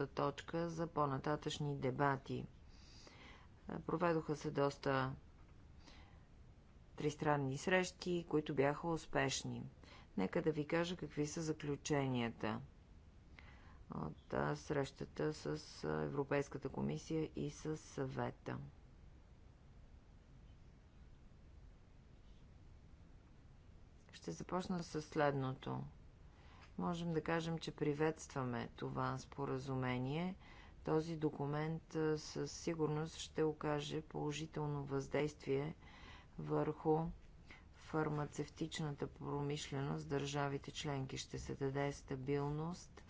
първата точка за по-нататъчни дебати. Проведоха се доста тристранни срещи, които бяха успешни. Нека да ви кажа какви са заключенията от срещата с Европейската комисия и с съвета. Ще започна с следното можем да кажем, че приветстваме това споразумение. Този документ със сигурност ще окаже положително въздействие върху фармацевтичната промишленост. Държавите членки ще се даде стабилност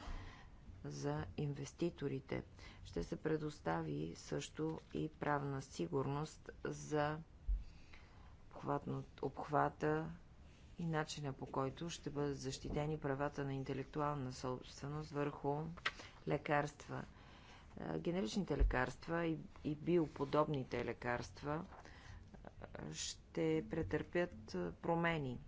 за инвеститорите. Ще се предостави също и правна сигурност за обхвата и начина по който ще бъдат защитени правата на интелектуална собственост върху лекарства. Генеричните лекарства и, биоподобните лекарства ще претърпят промени.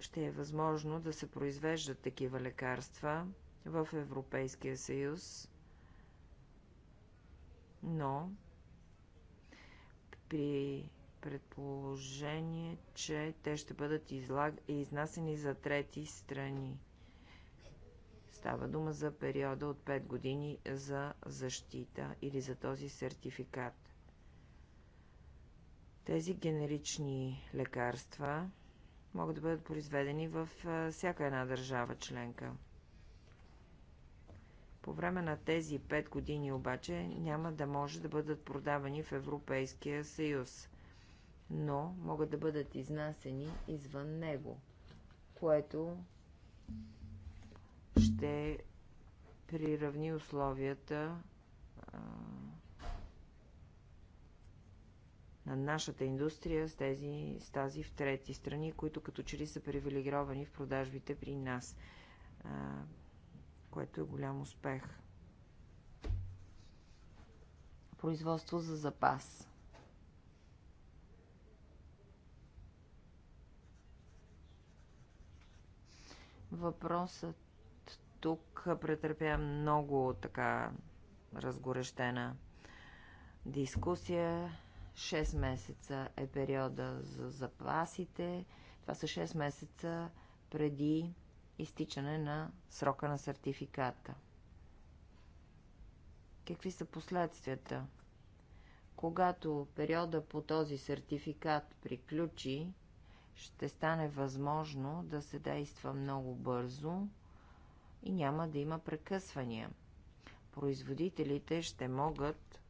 Ще е възможно да се произвеждат такива лекарства в Европейския съюз, но при предположение, че те ще бъдат излаг... изнасени за трети страни. Става дума за периода от 5 години за защита или за този сертификат. Тези генерични лекарства могат да бъдат произведени в всяка една държава членка. По време на тези 5 години обаче няма да може да бъдат продавани в Европейския съюз но могат да бъдат изнасени извън него, което ще приравни условията а, на нашата индустрия с, тези, с тази в трети страни, които като че ли са привилегировани в продажбите при нас, а, което е голям успех. Производство за запас. Въпросът тук претърпя много така разгорещена дискусия. 6 месеца е периода за запасите. Това са 6 месеца преди изтичане на срока на сертификата. Какви са последствията? Когато периода по този сертификат приключи, ще стане възможно да се действа много бързо и няма да има прекъсвания. Производителите ще могат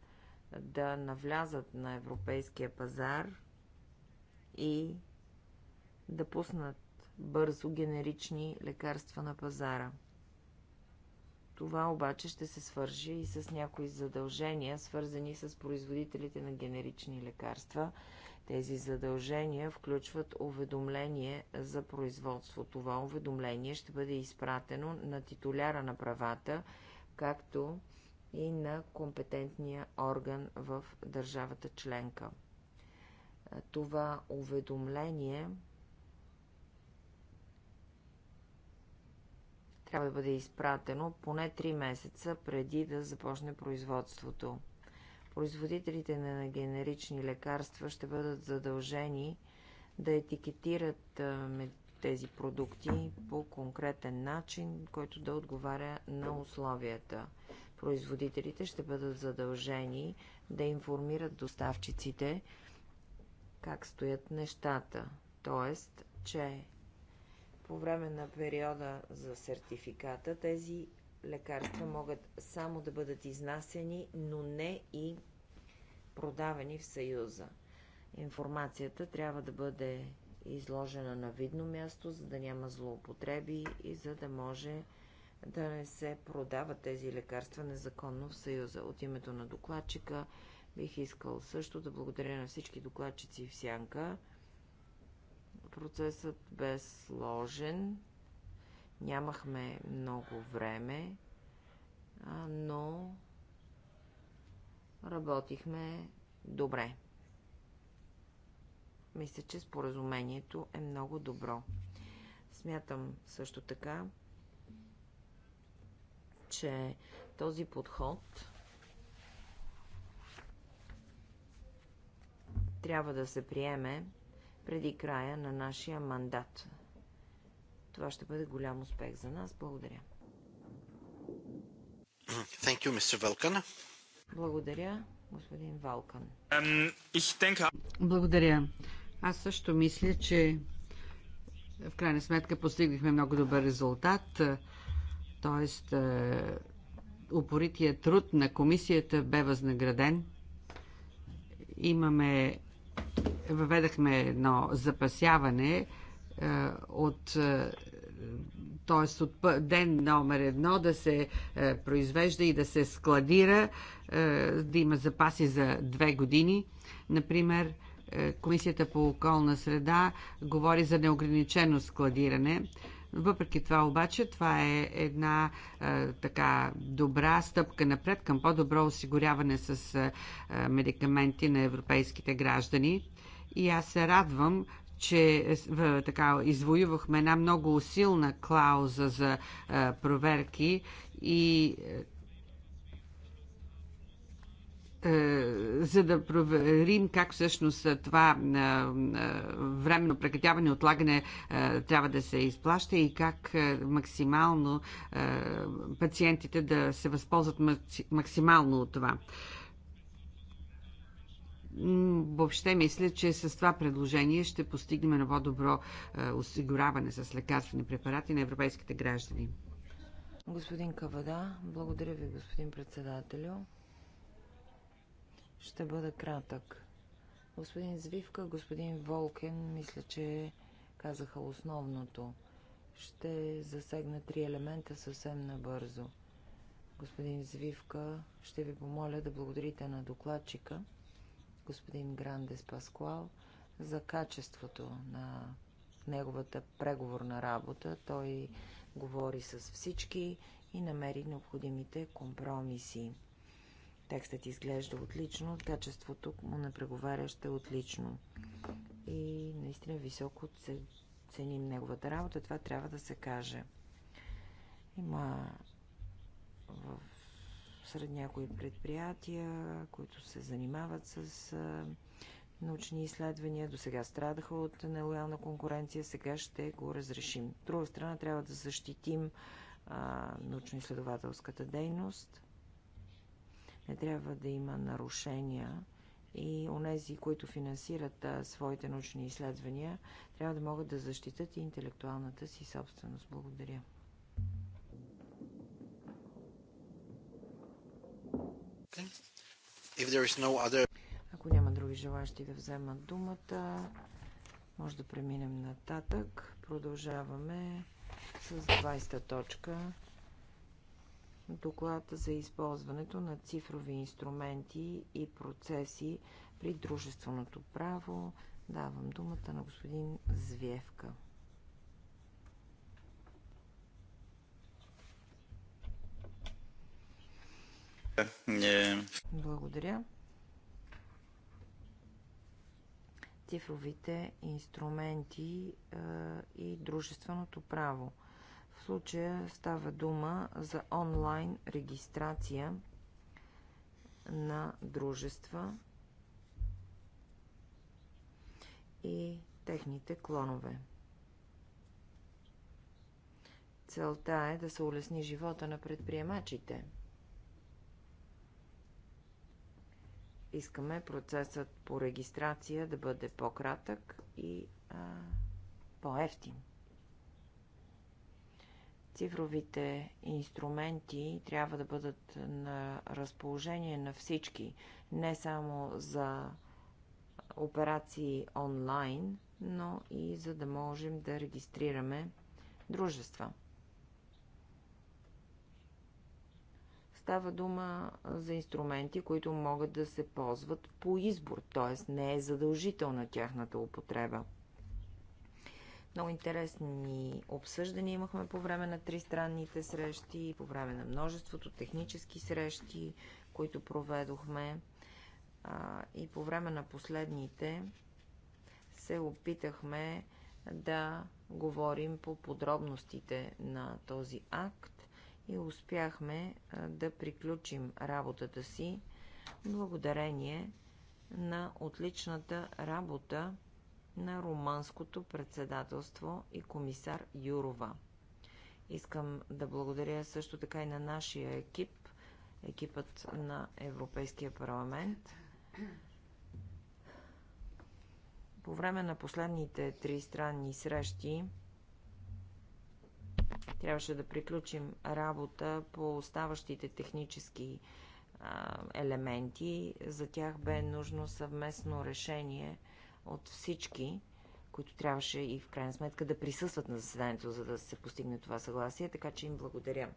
да навлязат на европейския пазар и да пуснат бързо генерични лекарства на пазара. Това обаче ще се свържи и с някои задължения, свързани с производителите на генерични лекарства тези задължения включват уведомление за производство. Това уведомление ще бъде изпратено на титуляра на правата, както и на компетентния орган в държавата членка. Това уведомление трябва да бъде изпратено поне 3 месеца преди да започне производството производителите на генерични лекарства ще бъдат задължени да етикетират тези продукти по конкретен начин, който да отговаря на условията. Производителите ще бъдат задължени да информират доставчиците как стоят нещата. Тоест, че по време на периода за сертификата тези лекарства могат само да бъдат изнасяни, но не и продавани в Съюза. Информацията трябва да бъде изложена на видно място, за да няма злоупотреби и за да може да не се продават тези лекарства незаконно в Съюза. От името на докладчика бих искал също да благодаря на всички докладчици в Сянка. Процесът бе сложен Нямахме много време, но работихме добре. Мисля, че споразумението е много добро. Смятам също така, че този подход трябва да се приеме преди края на нашия мандат. Това ще бъде голям успех за нас. Благодаря. Thank you, Mr. Vulcan. Благодаря, господин Валкан. Um, Благодаря. Аз също мисля, че в крайна сметка постигнахме много добър резултат. Тоест, е, упорития труд на комисията бе възнаграден. Имаме, въведахме едно запасяване е, от е, т.е. от ден номер едно да се е, произвежда и да се складира, е, да има запаси за две години. Например, е, Комисията по околна среда говори за неограничено складиране. Въпреки това обаче, това е една е, така добра стъпка напред към по-добро осигуряване с е, медикаменти на европейските граждани. И аз се радвам, че е, така, извоювахме една много силна клауза за е, проверки и е, за да проверим как всъщност това временно прекратяване, отлагане трябва да се изплаща и как максимално пациентите да се възползват максимално от това въобще мисля, че с това предложение ще постигнем ново добро е, осигуряване с лекарствени препарати на европейските граждани. Господин Кавада, благодаря ви, господин председателю. Ще бъда кратък. Господин Звивка, господин Волкен, мисля, че казаха основното. Ще засегна три елемента съвсем набързо. Господин Звивка, ще ви помоля да благодарите на докладчика – господин Грандес Паскуал за качеството на неговата преговорна работа. Той говори с всички и намери необходимите компромиси. Текстът изглежда отлично, качеството му на преговарящ е отлично. И наистина високо ценим неговата работа, това трябва да се каже. Има в сред някои предприятия, които се занимават с научни изследвания. До сега страдаха от нелоялна конкуренция, сега ще го разрешим. От друга страна трябва да защитим научно-изследователската дейност. Не трябва да има нарушения и онези, които финансират а, своите научни изследвания, трябва да могат да защитат и интелектуалната си собственост. Благодаря. Ако няма други желащи да вземат думата, може да преминем нататък. Продължаваме с 20-та точка. Доклад за използването на цифрови инструменти и процеси при дружественото право. Давам думата на господин Звевка. Е, Благодаря. Цифровите инструменти а, е, и дружественото право. В случая става дума за онлайн регистрация на дружества и техните клонове. Целта е да се улесни живота на предприемачите – Искаме процесът по регистрация да бъде по-кратък и по-ефтин. Цифровите инструменти трябва да бъдат на разположение на всички, не само за операции онлайн, но и за да можем да регистрираме дружества. става дума за инструменти, които могат да се ползват по избор, т.е. не е задължителна тяхната употреба. Много интересни обсъждания имахме по време на тристранните срещи, по време на множеството технически срещи, които проведохме. И по време на последните се опитахме да говорим по подробностите на този акт и успяхме да приключим работата си благодарение на отличната работа на румънското председателство и комисар Юрова. Искам да благодаря също така и на нашия екип, екипът на Европейския парламент. По време на последните три странни срещи Трябваше да приключим работа по оставащите технически елементи. За тях бе нужно съвместно решение от всички, които трябваше и в крайна сметка да присъстват на заседанието, за да се постигне това съгласие, така че им благодаря.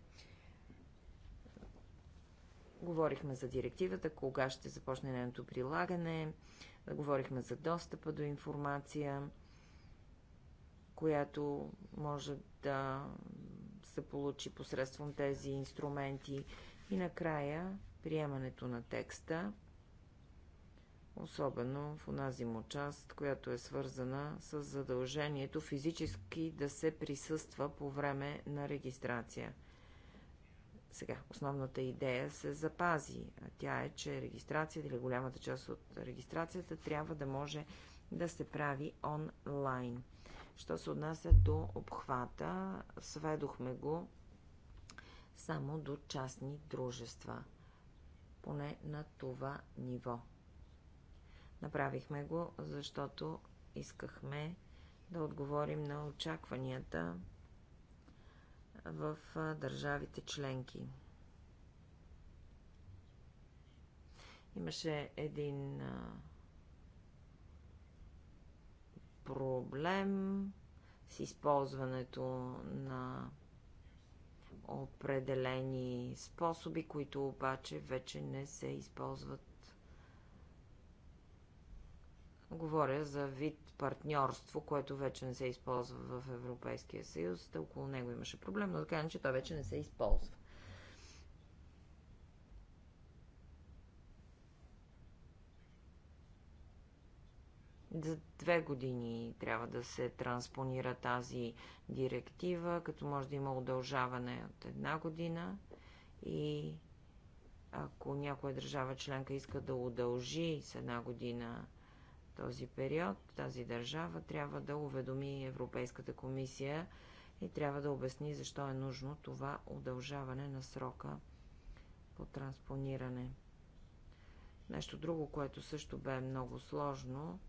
Говорихме за директивата, кога ще започне нейното прилагане, говорихме за достъпа до информация, която може да се получи посредством тези инструменти. И накрая приемането на текста, особено в онази му част, която е свързана с задължението физически да се присъства по време на регистрация. Сега, основната идея се запази. А тя е, че регистрацията или голямата част от регистрацията трябва да може да се прави онлайн. Що се отнася до обхвата, сведохме го само до частни дружества, поне на това ниво. Направихме го, защото искахме да отговорим на очакванията в държавите членки. Имаше един проблем с използването на определени способи, които обаче вече не се използват. Говоря за вид партньорство, което вече не се използва в Европейския съюз. Около него имаше проблем, но така че той вече не се използва. За две години трябва да се транспонира тази директива, като може да има удължаване от една година и ако някоя държава членка иска да удължи с една година този период, тази държава трябва да уведоми Европейската комисия и трябва да обясни защо е нужно това удължаване на срока по транспониране. Нещо друго, което също бе много сложно,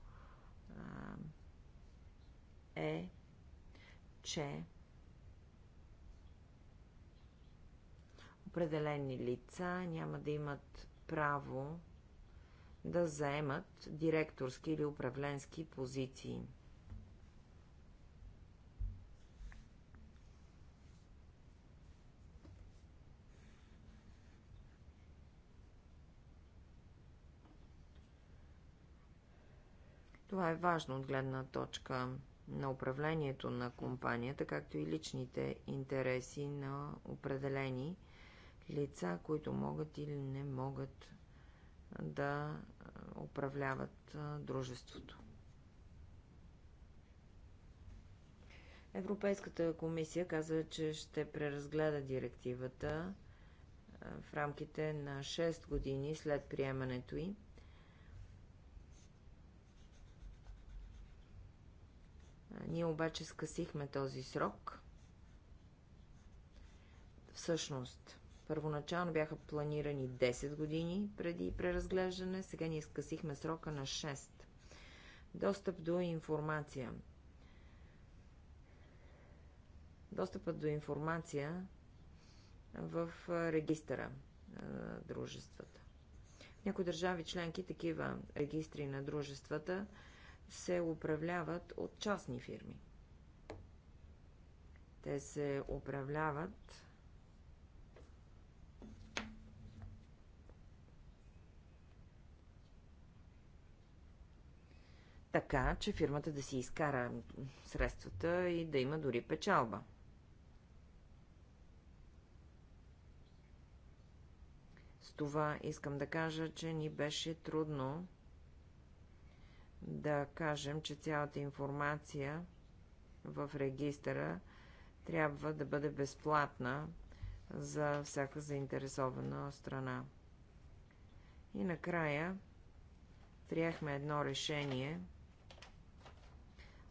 е, че определени лица няма да имат право да заемат директорски или управленски позиции. Това е важно от гледна точка на управлението на компанията, както и личните интереси на определени лица, които могат или не могат да управляват дружеството. Европейската комисия каза, че ще преразгледа директивата в рамките на 6 години след приемането й Ние обаче скъсихме този срок. Всъщност, първоначално бяха планирани 10 години преди преразглеждане, сега ние скъсихме срока на 6. Достъп до информация. Достъпът до информация в регистъра на дружествата. В някои държави членки такива регистри на дружествата се управляват от частни фирми. Те се управляват така, че фирмата да си изкара средствата и да има дори печалба. С това искам да кажа, че ни беше трудно да кажем, че цялата информация в регистъра трябва да бъде безплатна за всяка заинтересована страна. И накрая приехме едно решение.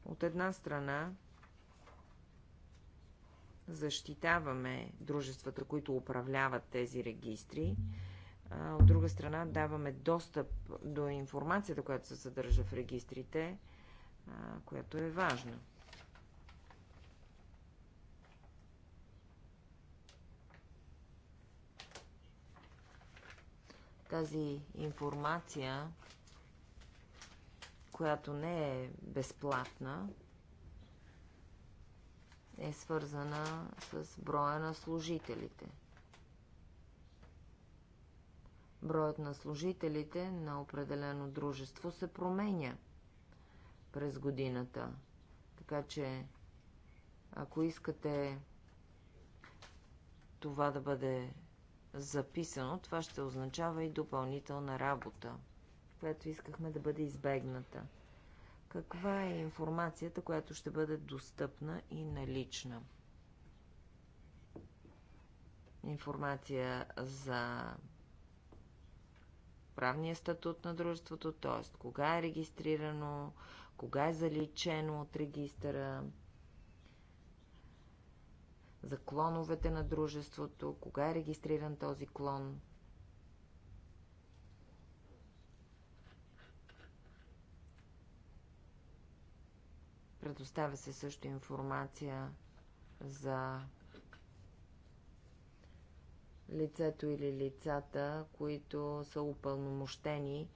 От една страна защитаваме дружествата, които управляват тези регистри, от друга страна, даваме достъп до информацията, която се съдържа в регистрите, която е важна. Тази информация, която не е безплатна, е свързана с броя на служителите – Броят на служителите на определено дружество се променя през годината. Така че, ако искате това да бъде записано, това ще означава и допълнителна работа, която искахме да бъде избегната. Каква е информацията, която ще бъде достъпна и налична? Информация за правния статут на дружеството, т.е. кога е регистрирано, кога е заличено от регистъра, за клоновете на дружеството, кога е регистриран този клон. Предоставя се също информация за лицето или лицата, които са упълномощени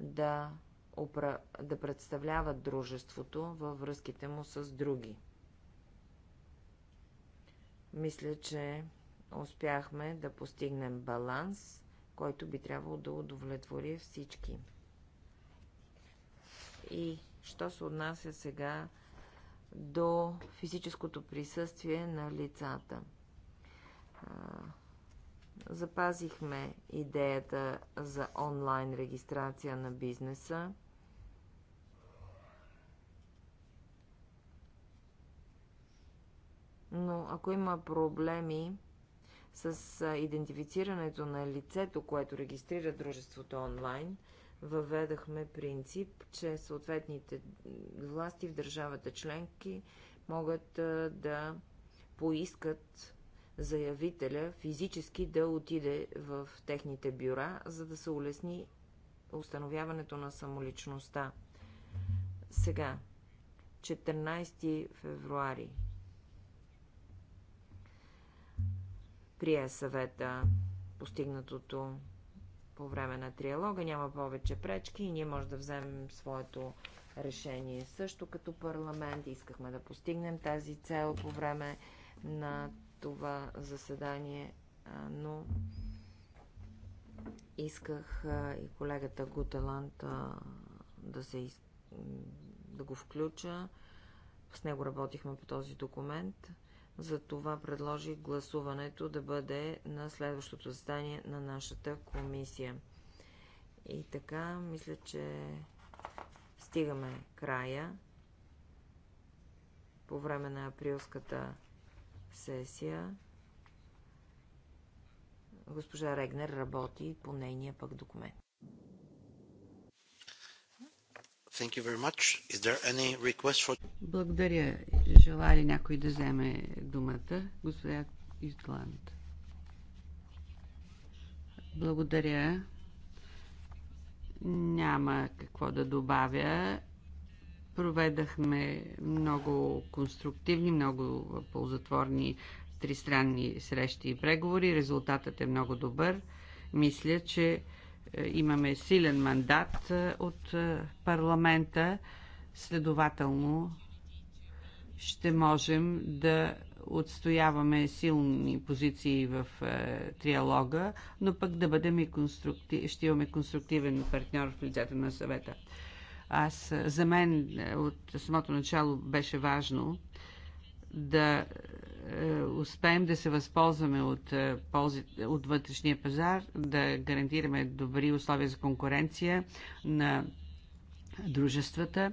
да, опра... да представляват дружеството във връзките му с други. Мисля, че успяхме да постигнем баланс, който би трябвало да удовлетвори всички. И що се отнася сега до физическото присъствие на лицата? Запазихме идеята за онлайн регистрация на бизнеса. Но ако има проблеми с идентифицирането на лицето, което регистрира дружеството онлайн, въведахме принцип, че съответните власти в държавата членки могат да поискат заявителя физически да отиде в техните бюра, за да се улесни установяването на самоличността. Сега, 14 февруари. Прие съвета постигнатото по време на триалога. Няма повече пречки и ние може да вземем своето решение също като парламент. Искахме да постигнем тази цел по време на това заседание, но исках и колегата Гутеланд да, се, из... да го включа. С него работихме по този документ. Затова предложих гласуването да бъде на следващото заседание на нашата комисия. И така, мисля, че стигаме края по време на априлската сесия госпожа Регнер работи по нейния пък документ. For... Благодаря. Желая ли някой да вземе думата? Госпожа Ютланд. Благодаря. Няма какво да добавя. Проведахме много конструктивни, много ползотворни тристранни срещи и преговори. Резултатът е много добър. Мисля, че е, имаме силен мандат е, от е, парламента. Следователно, ще можем да отстояваме силни позиции в е, триалога, но пък да бъдем и конструктив, ще имаме конструктивен партньор в лицето на съвета. Аз, за мен от самото начало беше важно да е, успеем да се възползваме от, е, ползи, от вътрешния пазар, да гарантираме добри условия за конкуренция на дружествата.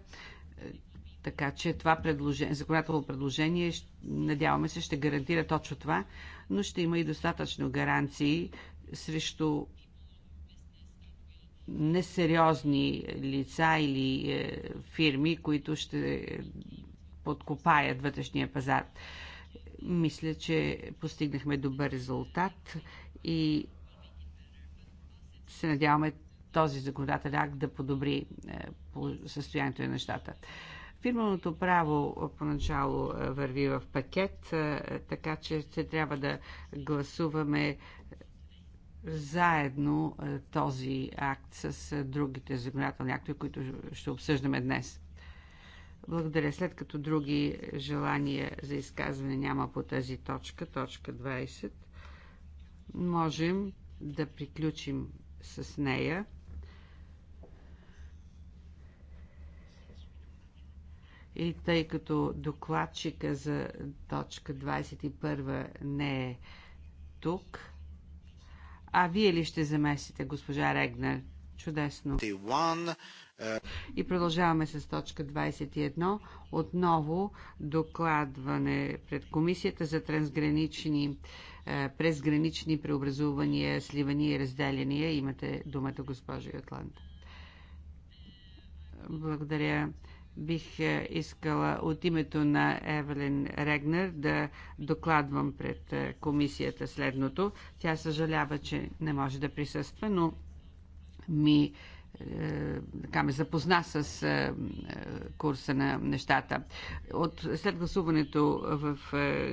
Така че това предложение, законодателно предложение, надяваме се, ще гарантира точно това, но ще има и достатъчно гаранции срещу несериозни лица или е, фирми, които ще подкопаят вътрешния пазар. Мисля, че постигнахме добър резултат и се надяваме този законодателен акт да подобри е, състоянието на нещата. Фирменото право поначало е, върви в пакет, така че се трябва да гласуваме заедно е, този акт с е, другите законодателни актове, които ще обсъждаме днес. Благодаря. След като други желания за изказване няма по тази точка, точка 20, можем да приключим с нея. И тъй като докладчика за точка 21 не е тук, а вие ли ще замесите госпожа Регнер? Чудесно. И продължаваме с точка 21. Отново докладване пред комисията за трансгранични е, презгранични преобразувания, сливания и разделяния. Имате думата, госпожо Йотланд. Благодаря. Бих е, искала от името на Евелин Регнер да докладвам пред е, комисията следното. Тя съжалява, че не може да присъства, но ми е, така ме запозна с е, е, курса на нещата. От, след гласуването в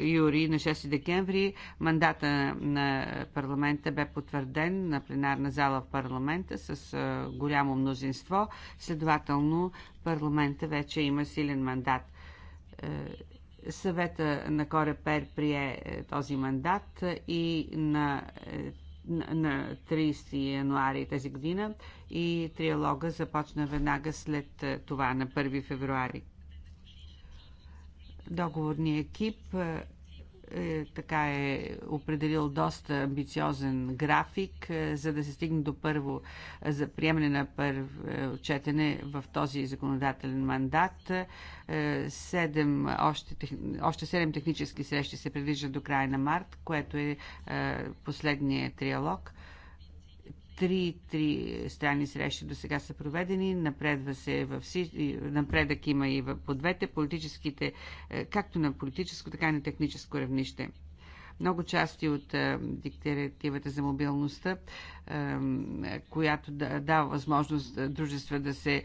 Юри на 6 декември мандата на парламента бе потвърден на пленарна зала в парламента с голямо мнозинство. Следователно парламента вече има силен мандат. Съвета на Корепер прие този мандат и на на 30 януари тази година и триалога започна веднага след е, това на 1 февруари. Договорният екип е, е, така е определил доста амбициозен график, за да се стигне до първо за приемане на първо четене в този законодателен мандат. Седем, още, още седем технически срещи се предвиждат до края на март, което е последният триалог три, три страни срещи до сега са проведени. Напредва се във всички, напредък има и в, по двете политическите, е, както на политическо, така и на техническо равнище. Много части от е, диктативата за мобилността, е, която дава възможност е, дружества да се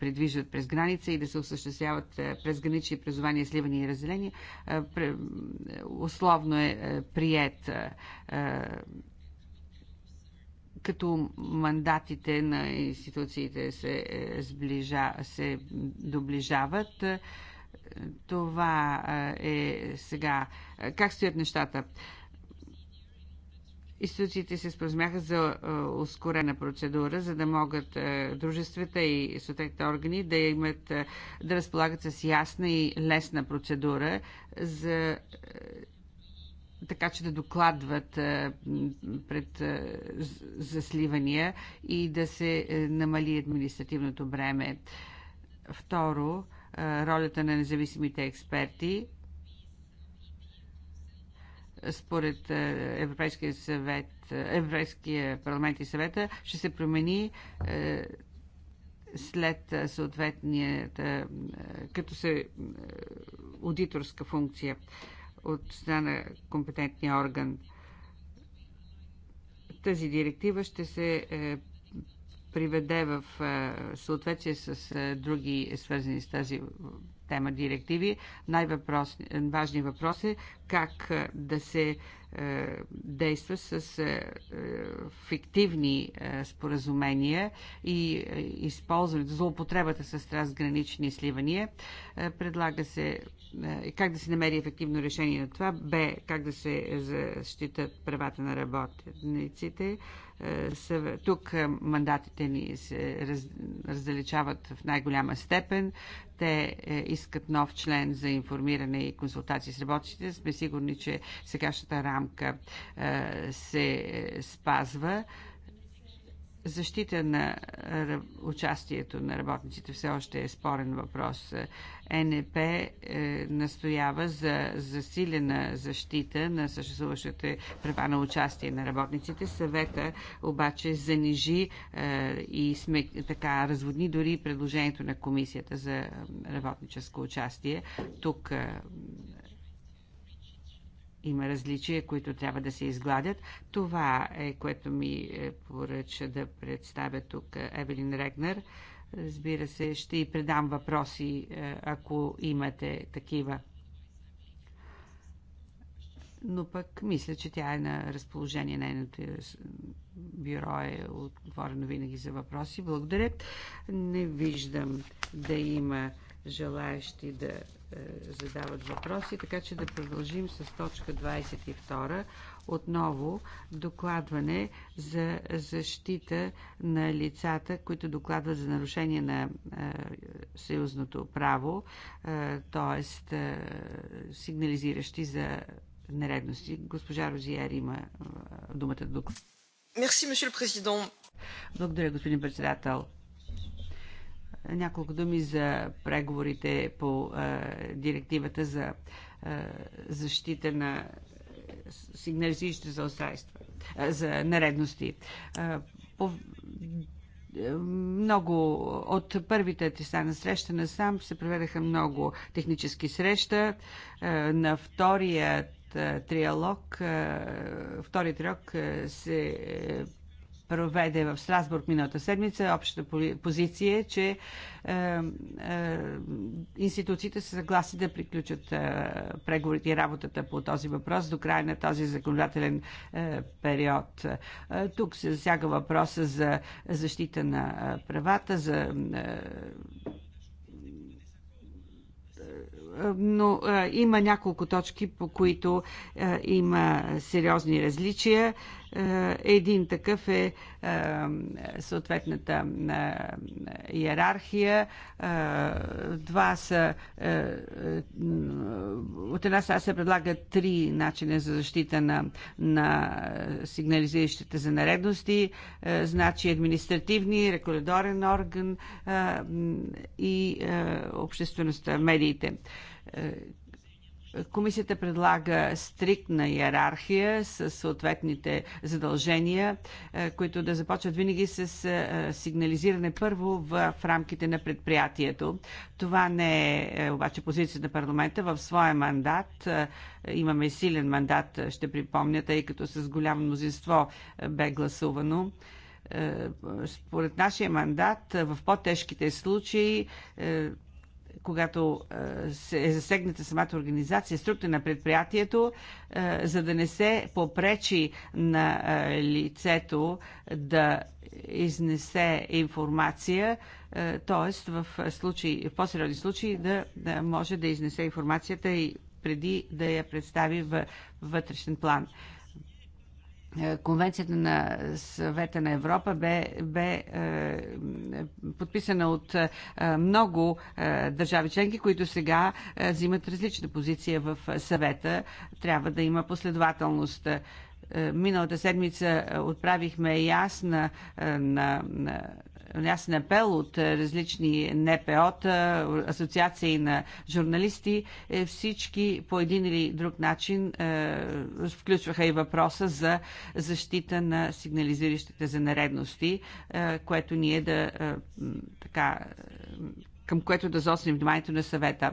придвижат през граница и да се осъществяват през гранични презования, сливания и разделения, условно е, прият като мандатите на институциите се, е, сближа, се доближават. Е, това е сега. Е, как стоят нещата? Институциите се спозмяха за ускорена процедура, за да могат дружествата и съответните органи да имат да разполагат с ясна и лесна процедура за така че да докладват пред засливания и да се е, намали административното бреме. Второ, ролята на независимите експерти според Европейския съвет, Европейския парламент и съвета ще се промени след съответния като се аудиторска функция от страна на компетентния орган. Тази директива ще се е, приведе в е, съответствие с е, други свързани с тази тема директиви. Най-важният въпрос е как да се е, действа с е, е, фиктивни споразумения и използването, злоупотребата с трансгранични сливания. Предлага се как да се намери ефективно решение на това, б, как да се защитат правата на работниците, е, тук е, мандатите ни се раз, раздалечават в най-голяма степен. Те е, искат нов член за информиране и консултации с работите. Сме сигурни, че сегашната рамка се спазва Защита на участието на работниците все още е спорен въпрос. Е, НП е, настоява за засилена защита на съществуващите права на участие на работниците. Съвета обаче занижи е, и сме така разводни дори предложението на комисията за работническо участие. Тук има различия, които трябва да се изгладят. Това е което ми е, поръча да представя тук е, Евелин Регнер. Разбира се, ще и предам въпроси, е, ако имате такива. Но пък мисля, че тя е на разположение. Нейното бюро е отворено винаги за въпроси. Благодаря. Не виждам да има желаящи да е, задават въпроси, така че да продължим с точка 22. Отново докладване за защита на лицата, които докладват за нарушение на е, съюзното право, т.е. Е, сигнализиращи за нередности. Госпожа Розиер има думата да доклад. Благодаря, господин председател. Няколко думи за преговорите по директивата за защита на сигнализиращите за устройства, за наредности. По много от първите теста на среща на сам се проведаха много технически среща. На вторият триалог, вторият триалог се проведе в Страсбург миналата седмица, общата позиция е, че е, е, институциите се съгласи да приключат е, преговорите и работата по този въпрос до края на този законодателен е, период. Е, тук се засяга въпроса за защита на е, правата, за. Е, е, но е, има няколко точки, по които е, има сериозни различия е, един такъв е, е съответната е, иерархия. Два са. От една страна се предлагат три начина за защита на, на сигнализиращите за наредности, значи административни, регуляторен орган и обществеността, медиите Комисията предлага стриктна иерархия с съответните задължения, е, които да започват винаги с е, сигнализиране първо в рамките на предприятието. Това не е, е обаче позиция на парламента. В своя мандат имаме силен мандат, ще припомня, тъй като с голямо мнозинство бе гласувано според нашия мандат в по-тежките случаи когато е, е засегната самата организация, структура на предприятието, е, за да не се попречи на е, лицето да изнесе информация, т.е. в случай, в по-сериозни случаи да, да може да изнесе информацията и преди да я представи в вътрешен план. Е, конвенцията на съвета на Европа бе, бе е, подписана от е, много е, държави членки, които сега е, взимат различна позиция в съвета. Трябва да има последователност. Е, миналата седмица е, отправихме ясна е, на, на ясен е, апел от е, различни НПО-та, асоциации на журналисти. Е, всички по един или друг начин включваха и въпроса за защита на сигнализиращите за нередности, което ние да така към което да заострим вниманието на съвета.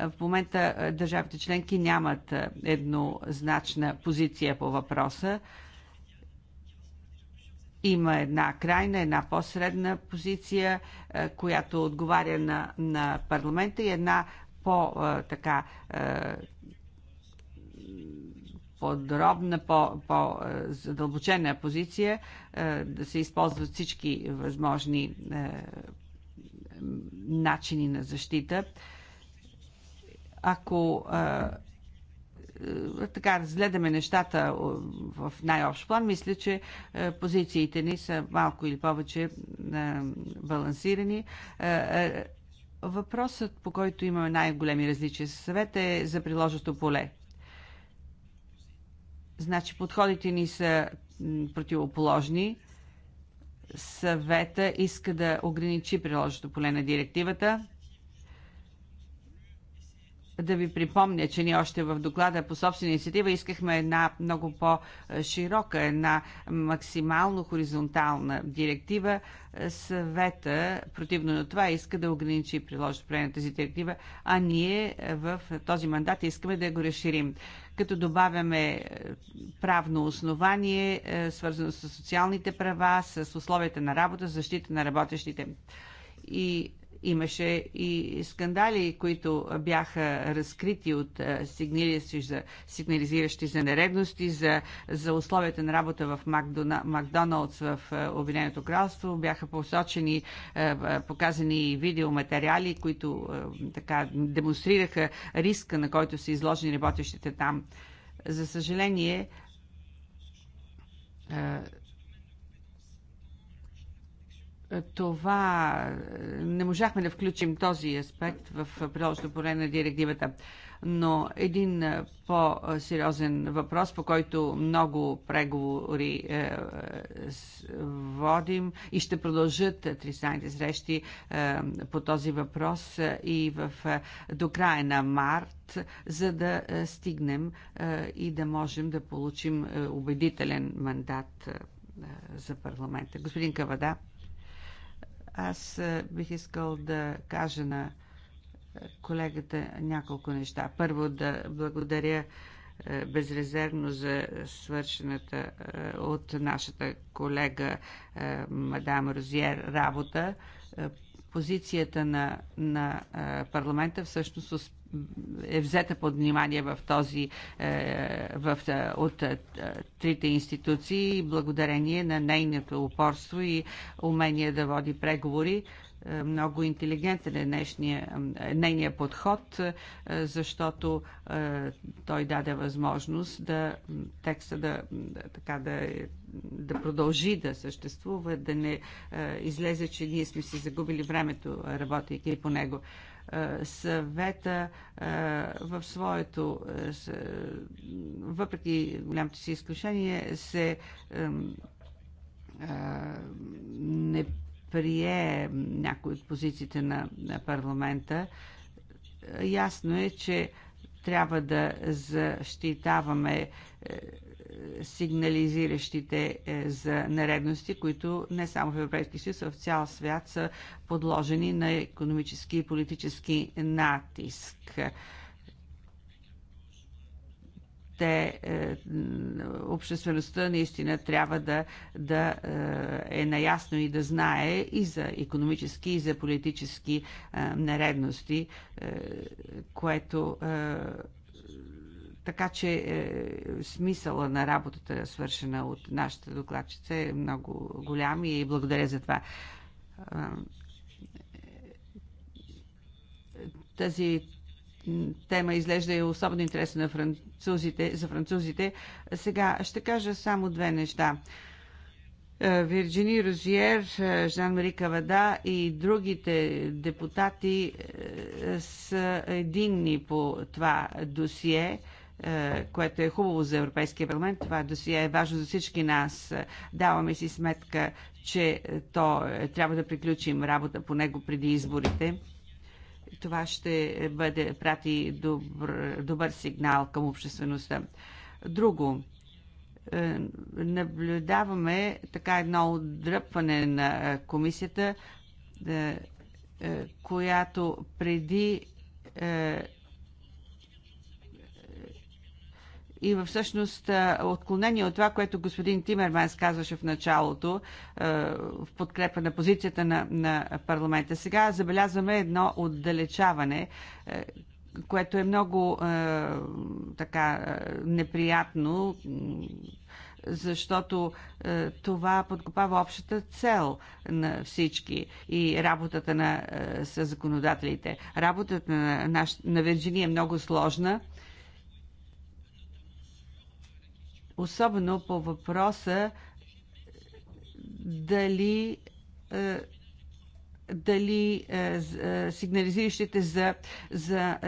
В момента държавите членки нямат еднозначна позиция по въпроса. Има една крайна, една по-средна позиция, е, която отговаря на, на парламента и една по-така е, е, подробна, по-задълбочена по позиция, да се използват всички възможни начини на защита. Ако е, така разгледаме нещата в най-общ план, мисля, че е, позициите ни са малко или повече е, балансирани. Въпросът, по който имаме най-големи различия със съвет е за приложното поле. Значи подходите ни са противоположни. Съвета иска да ограничи приложното поле на директивата да ви припомня, че ние още в доклада по собствена инициатива искахме една много по-широка, една максимално хоризонтална директива. Съвета, противно на това, иска да ограничи приложението на тази директива, а ние в този мандат искаме да го разширим като добавяме правно основание, е, свързано с социалните права, с условията на работа, защита на работещите. И Имаше и скандали, които бяха разкрити от е, сигнализиращи за нередности, за, за условията на работа в Макдона, Макдоналдс в е, Обединеното кралство. Бяха посочени, е, показани видеоматериали, които така демонстрираха риска, на който са изложени работещите там. За съжаление, това е, не можахме да включим този аспект в приложното поле на директивата. Но един е, по-сериозен въпрос, по който много преговори е, е водим и ще продължат тристранните срещи е, по този въпрос е, и в, до края на март, за да стигнем и да можем да получим убедителен мандат за парламента. Господин Кавада. Аз бих искал да кажа на колегата няколко неща. Първо да благодаря безрезервно за свършената от нашата колега мадам Розиер работа. Позицията на, на парламента всъщност е взета под внимание в този, е, в, е, от е, трите институции, благодарение на нейното упорство и умение да води преговори. Много интелигентен е днешния, нейния подход, защото той даде възможност да текста да, така да, да продължи да съществува, да не излезе, че ние сме си загубили времето, работейки по него съвета в своето, въпреки голямото си изключение, се не прие някои от позициите на парламента. Ясно е, че трябва да защитаваме е, сигнализиращите е, за нередности, които не само в Европейския съюз, а в цял свят са подложени на економически и политически натиск те, е, обществеността наистина трябва да, да е, е наясно и да знае и за економически, и за политически нередности, което така че е, смисъла на работата, свършена от нашата докладчица, е много голям и благодаря за това. Тази тема изглежда и особено интересна на французите, за французите. Сега ще кажа само две неща. Е, Вирджини Розиер, е, Жан-Мари Кавада и другите депутати е, са единни по това досие – е, което е хубаво за Европейския парламент. Това досие е важно за всички нас. Даваме си сметка, че то е, трябва да приключим работа по него преди изборите. Това ще бъде, прати добър, добър сигнал към обществеността. Друго, е, наблюдаваме така едно отдръпване на комисията, която преди И всъщност отклонение от това, което господин Тимерманс казваше в началото в подкрепа на позицията на, на парламента. Сега забелязваме едно отдалечаване, което е много така неприятно, защото това подкопава общата цел на всички и работата на, с законодателите. Работата на, на Вирджиния е много сложна особено по въпроса дали дали сигнализиращите за, за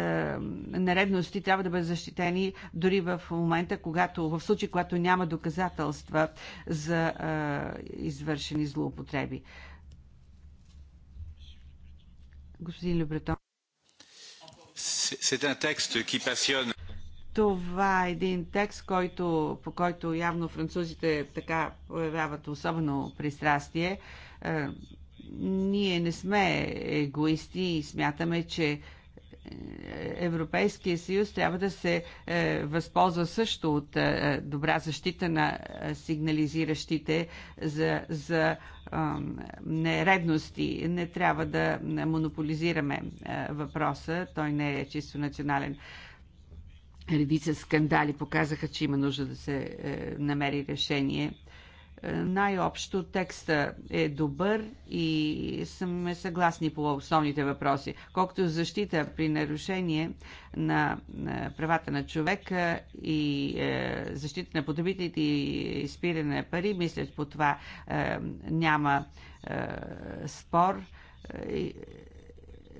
наредности трябва да бъдат защитени дори в момента, когато, в случай, когато няма доказателства за извършени злоупотреби. Господин Лебретон. C'est un texte qui passionne. Това е един текст, който, по който явно французите така проявяват особено пристрастие. Е, ние не сме егоисти и смятаме, че е, Европейския съюз трябва да се е, възползва също от добра защита на сигнализиращите за, за нередности. Не трябва да монополизираме въпроса. Той не е чисто национален. Редица скандали показаха, че има нужда да се е, намери решение е, най-общо текста е добър и сме съгласни по основните въпроси. Колкото защита при нарушение на е, правата на човека и защита на потребителите и изпиране на пари, мисля, че по това няма спор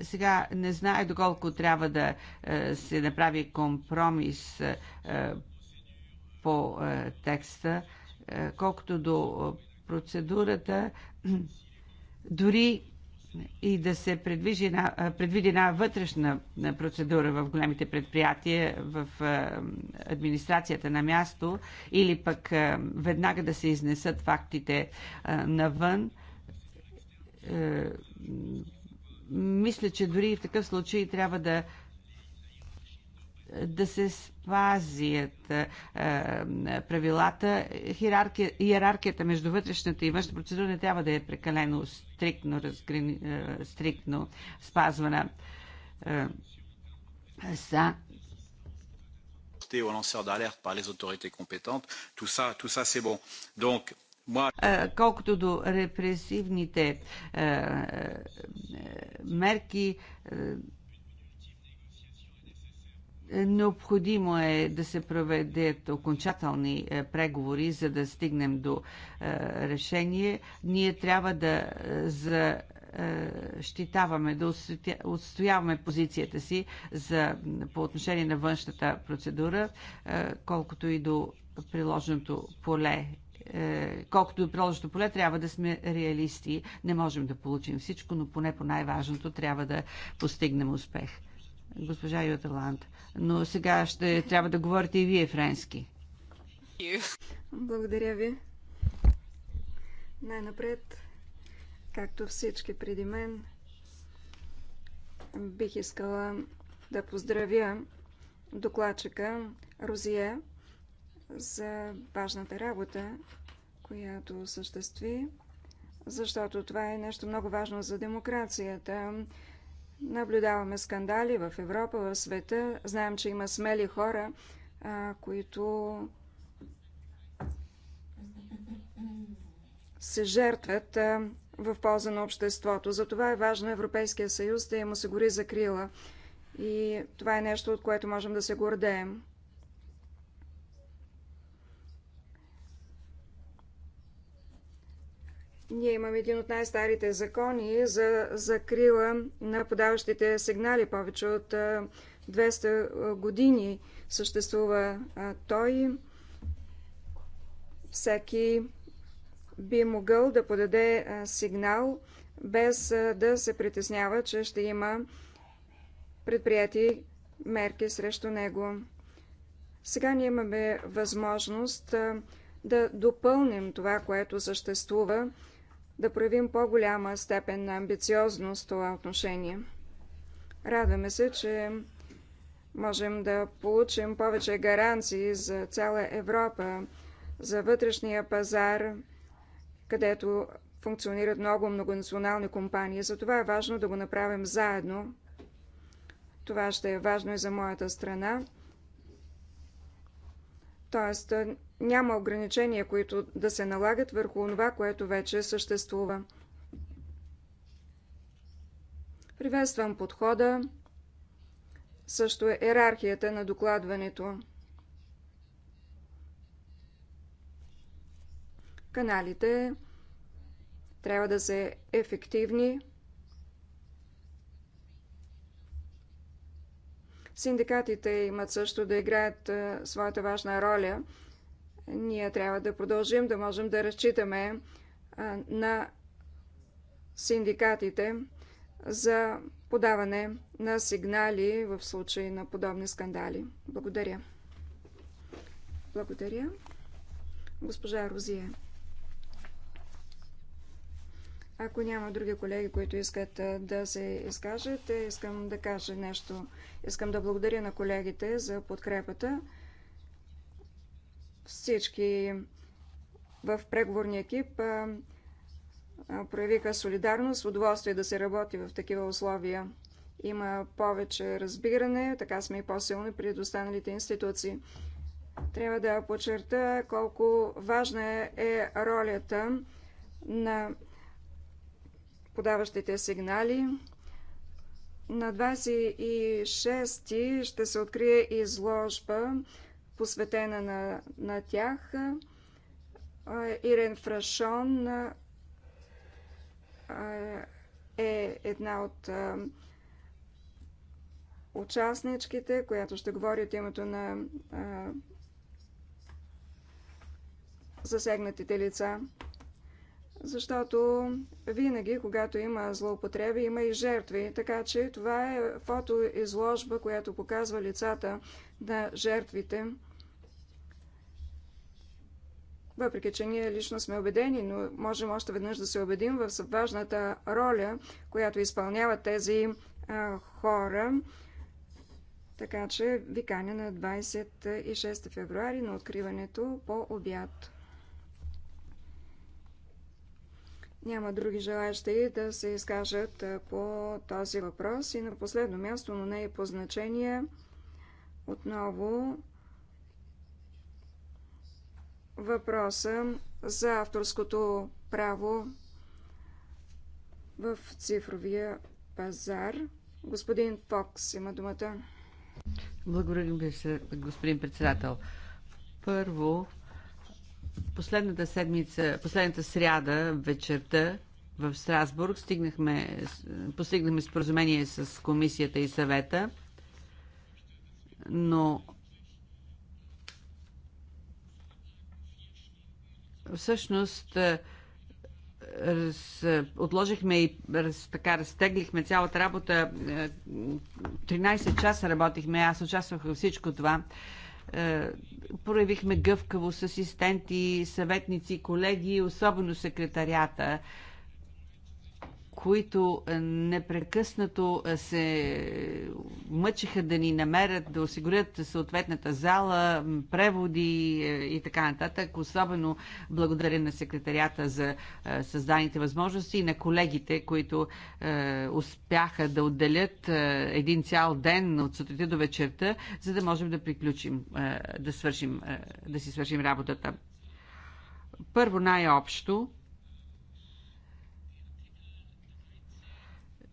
сега не знае доколко трябва да е, се направи компромис е, по е, текста, колкото до процедурата, дори и да се предвижи една, предвиди една вътрешна процедура в големите предприятия, в администрацията на място, или пък веднага да се изнесат фактите навън, мисля, че дори в такъв случай трябва да да се спазят е, правилата. Хиерархия, иерархията между вътрешната и външната процедура не трябва да е прекалено стриктно, разгри, е, стриктно спазвана. Е, са aux d'alerte par les autorités compétentes. Tout ça, tout ça c'est bon. Donc, Колкото до репресивните мерки, Необходимо е да се проведат окончателни преговори, за да стигнем до решение. Ние трябва да за щитаваме, да отстояваме позицията си за, по отношение на външната процедура, колкото и до приложеното поле е, колкото до приложното поле, трябва да сме реалисти. Не можем да получим всичко, но поне по най-важното трябва да постигнем успех. Госпожа Юталант, но сега ще трябва да говорите и вие френски. Благодаря ви. Най-напред, както всички преди мен, бих искала да поздравя докладчика Розия за важната работа, която съществи, защото това е нещо много важно за демокрацията. Наблюдаваме скандали в Европа, в света. Знаем, че има смели хора, а, които се жертват а, в полза на обществото. Затова е важно Европейския съюз да им осигури закрила. И това е нещо, от което можем да се гордеем. Ние имаме един от най-старите закони за закрила на подаващите сигнали. Повече от 200 години съществува той. Всеки би могъл да подаде сигнал, без да се притеснява, че ще има предприяти мерки срещу него. Сега ние имаме възможност да допълним това, което съществува да проявим по-голяма степен на амбициозност в това отношение. Радваме се, че можем да получим повече гаранции за цяла Европа, за вътрешния пазар, където функционират много многонационални компании. Затова е важно да го направим заедно. Това ще е важно и за моята страна. Тоест, няма ограничения, които да се налагат върху това, което вече съществува. Приветствам подхода, също е иерархията на докладването. Каналите трябва да са ефективни. Синдикатите имат също да играят своята важна роля – ние трябва да продължим да можем да разчитаме на синдикатите за подаване на сигнали в случай на подобни скандали. Благодаря. Благодаря. Госпожа Розия. Ако няма други колеги, които искат да се изкажат, е, искам да кажа нещо. Искам да благодаря на колегите за подкрепата. Всички в преговорния екип проявиха солидарност, удоволствие да се работи в такива условия. Има повече разбиране, така сме и по-силни при останалите институции. Трябва да почерта колко важна е ролята на подаващите сигнали. На 26 ще се открие изложба посветена на, на тях. Ирен Фрашон е една от участничките, която ще говори от името на засегнатите лица. Защото винаги, когато има злоупотреби, има и жертви. Така че това е фотоизложба, която показва лицата на жертвите въпреки че ние лично сме убедени, но можем още веднъж да се убедим в важната роля, която изпълняват тези а, хора. Така че викане на 26 февруари на откриването по обяд. Няма други желаящи да се изкажат по този въпрос. И на последно място, но не е по значение, отново въпроса за авторското право в цифровия пазар. Господин Фокс има думата. Благодаря, господин председател. Първо, последната седмица, последната сряда вечерта в Страсбург стигнахме, постигнахме споразумение с комисията и съвета, но всъщност е, раз, е, отложихме и раз, така разтеглихме цялата работа. 13 е, часа работихме, аз участвах във всичко това. Проявихме гъвкаво с асистенти, съветници, колеги, особено секретарията които е, непрекъснато е, се мъчиха да ни намерят, да осигурят съответната зала, преводи е, и така нататък. Особено благодаря на секретарията за създаните възможности и на колегите, които успяха да отделят един цял ден от сутрите до вечерта, за да можем да приключим, да, свършим, да си свършим работата. Първо най-общо,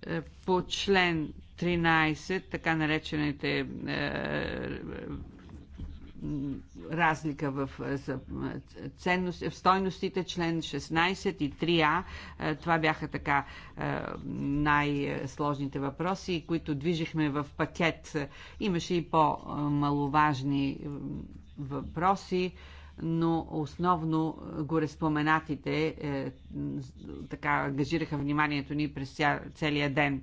Е, по член 13, така наречените е, разлика в е, ценност, в стойностите, член 16 и 3А. Това бяха така най-сложните въпроси, които движихме в пакет. Имаше и по-маловажни въпроси но основно гореспоменатите е, е така ангажираха вниманието ни през целия ден.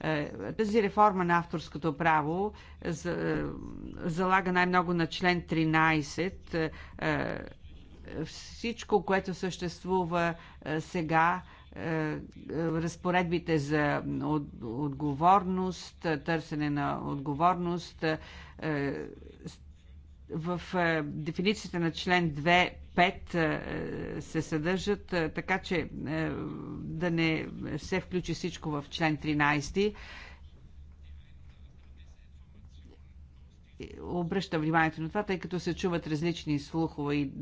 Е, тази реформа на авторското право е, залага най-много на член 13. Всичко, което съществува сега, разпоредбите за отговорност, търсене на отговорност, в е, дефиницията на член 2 5 е, се съдържат, е, така че да не се включи всичко в член 13. обръща вниманието на това, тъй като се чуват различни слухове и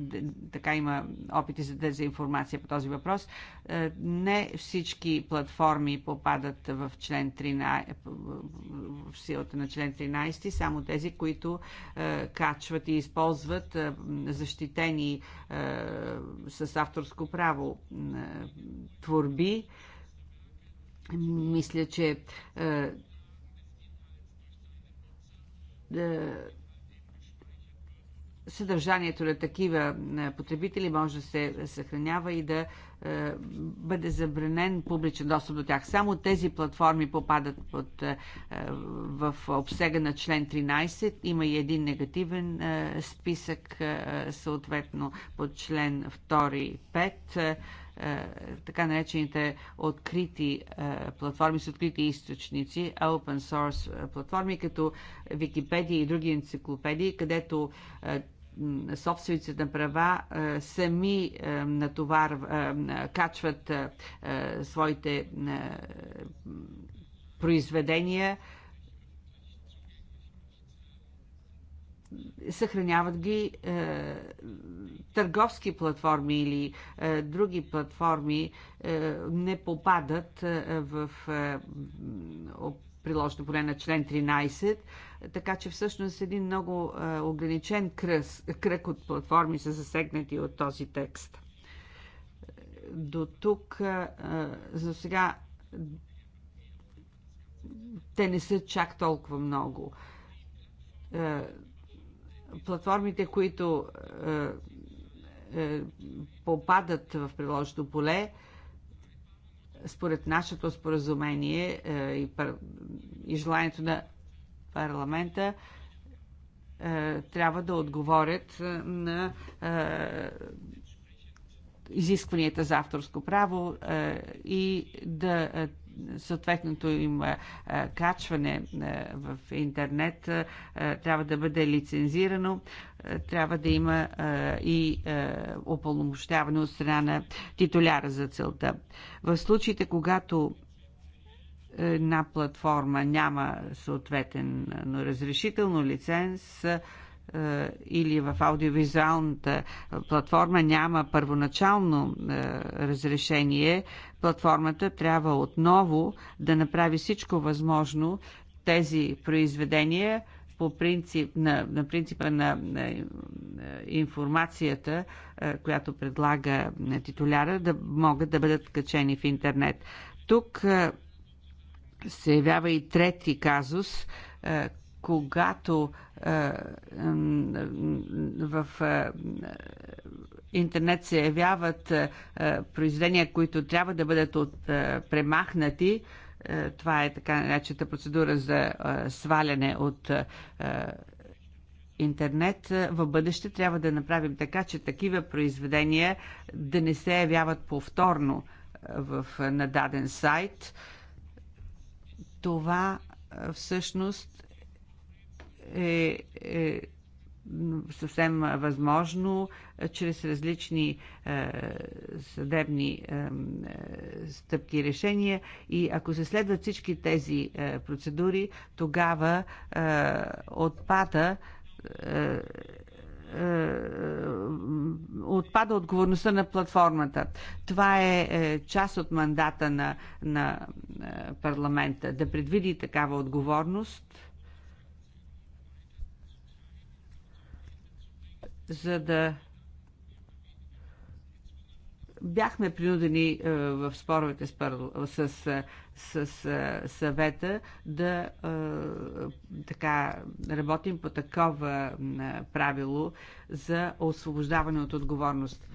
така има опити за дезинформация по този въпрос. Е, не всички платформи попадат в член 13, в силата на член 13, само тези, които е, качват и използват е, защитени с авторско право творби. Мисля, че е, съдържанието на такива е, потребители може да се съхранява и да е, бъде забранен публичен достъп до тях. Само тези платформи попадат под, в обсега на член 13. Има и един негативен списък, съответно под член 2 и 5 е, така наречените открити е, платформи с открити източници, open source е, платформи, като Википедия и други енциклопедии, където собствениците на права сами натовар, качват своите произведения съхраняват ги е, търговски платформи или е, други платформи, е, не попадат е, в е, приложено поле на член 13, така че всъщност един много е, ограничен кръс, кръг от платформи са засегнати от този текст. До тук, е, е за сега, те не са чак толкова много. Е, платформите, които е, е, попадат в приложното поле, според нашето споразумение е, и, пар... и желанието на парламента, е, трябва да отговорят на е, изискванията за авторско право е, и да е, съответното им качване в интернет трябва да бъде лицензирано, трябва да има и опълномощаване от страна на титуляра за целта. В случаите, когато една платформа няма съответен разрешително лиценз, е, или в аудиовизуалната платформа няма първоначално е, разрешение, платформата трябва отново да направи всичко възможно тези произведения по принцип, на, на принципа на, на информацията, е, която предлага титуляра, да могат да бъдат качени в интернет. Тук се явява и трети казус, когато в интернет се явяват произведения, които трябва да бъдат от, премахнати. Това е така наречената процедура за сваляне от интернет. В бъдеще трябва да направим така, че такива произведения да не се явяват повторно в, на даден сайт. Това всъщност е, е съвсем възможно е, чрез различни е, съдебни е, е стъпки решения и ако се следват всички тези е, процедури, тогава е, отпада е, е отпада отговорността на платформата. Това е част от мандата на, на парламента да предвиди такава отговорност за да бяхме принудени е, в споровете с, с, е, с, е, с съвета да така работим по такова правило за освобождаване от отговорност.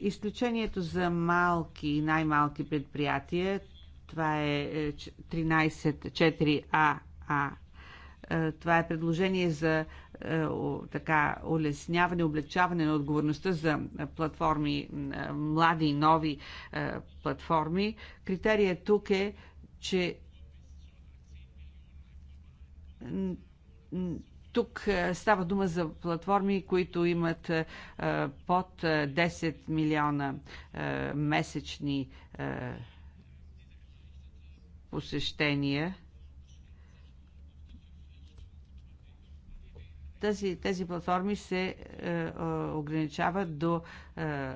Изключението за малки и най-малки предприятия, това е 13.4а е, това е предложение за е, така улесняване, облегчаване на отговорността за платформи, е, млади и нови платформи. Критерия тук е, че тук става дума за платформи, които имат под 10 милиона месечни посещения Тази, тези платформи се е, е, ограничават до е,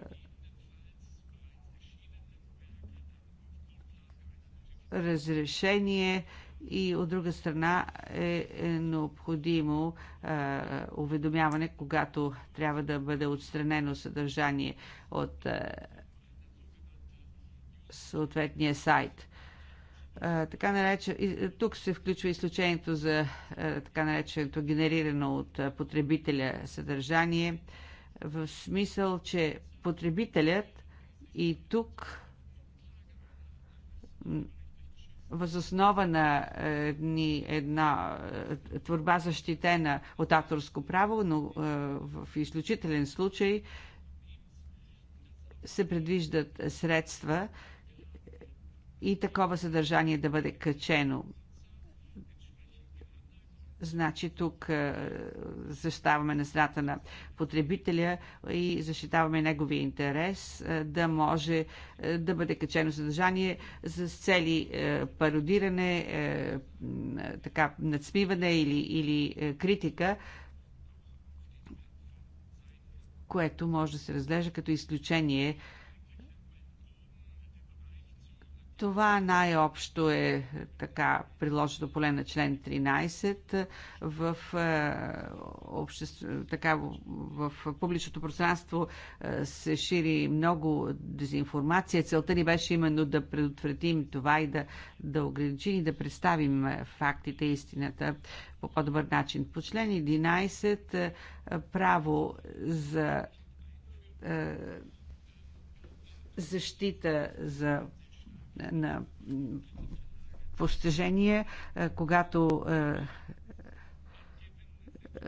разрешение и от друга страна е, е необходимо е, уведомяване, когато трябва да бъде отстранено съдържание от е, съответния сайт така нарече, е, тук се включва изключението за е, така нареченото генерирано от е, потребителя съдържание, в смисъл, че потребителят и тук възоснова на ни една творба защитена от авторско право, но в изключителен случай се предвиждат средства, и такова съдържание да бъде качено. Значи тук е, защитаваме на страната на потребителя и защитаваме неговия интерес е, да може е, да бъде качено съдържание за цели пародиране, така, надсмиване или, или критика, което може да се разглежда като изключение това най-общо е, е така приложено поле на член 13 е, в, е, обществ... така, в, публичното пространство се шири много дезинформация. Целта ни беше именно да предотвратим това и да, да ограничим и да представим фактите и истината по по-добър начин. По член 11 право за защита за на постижение, е, когато е,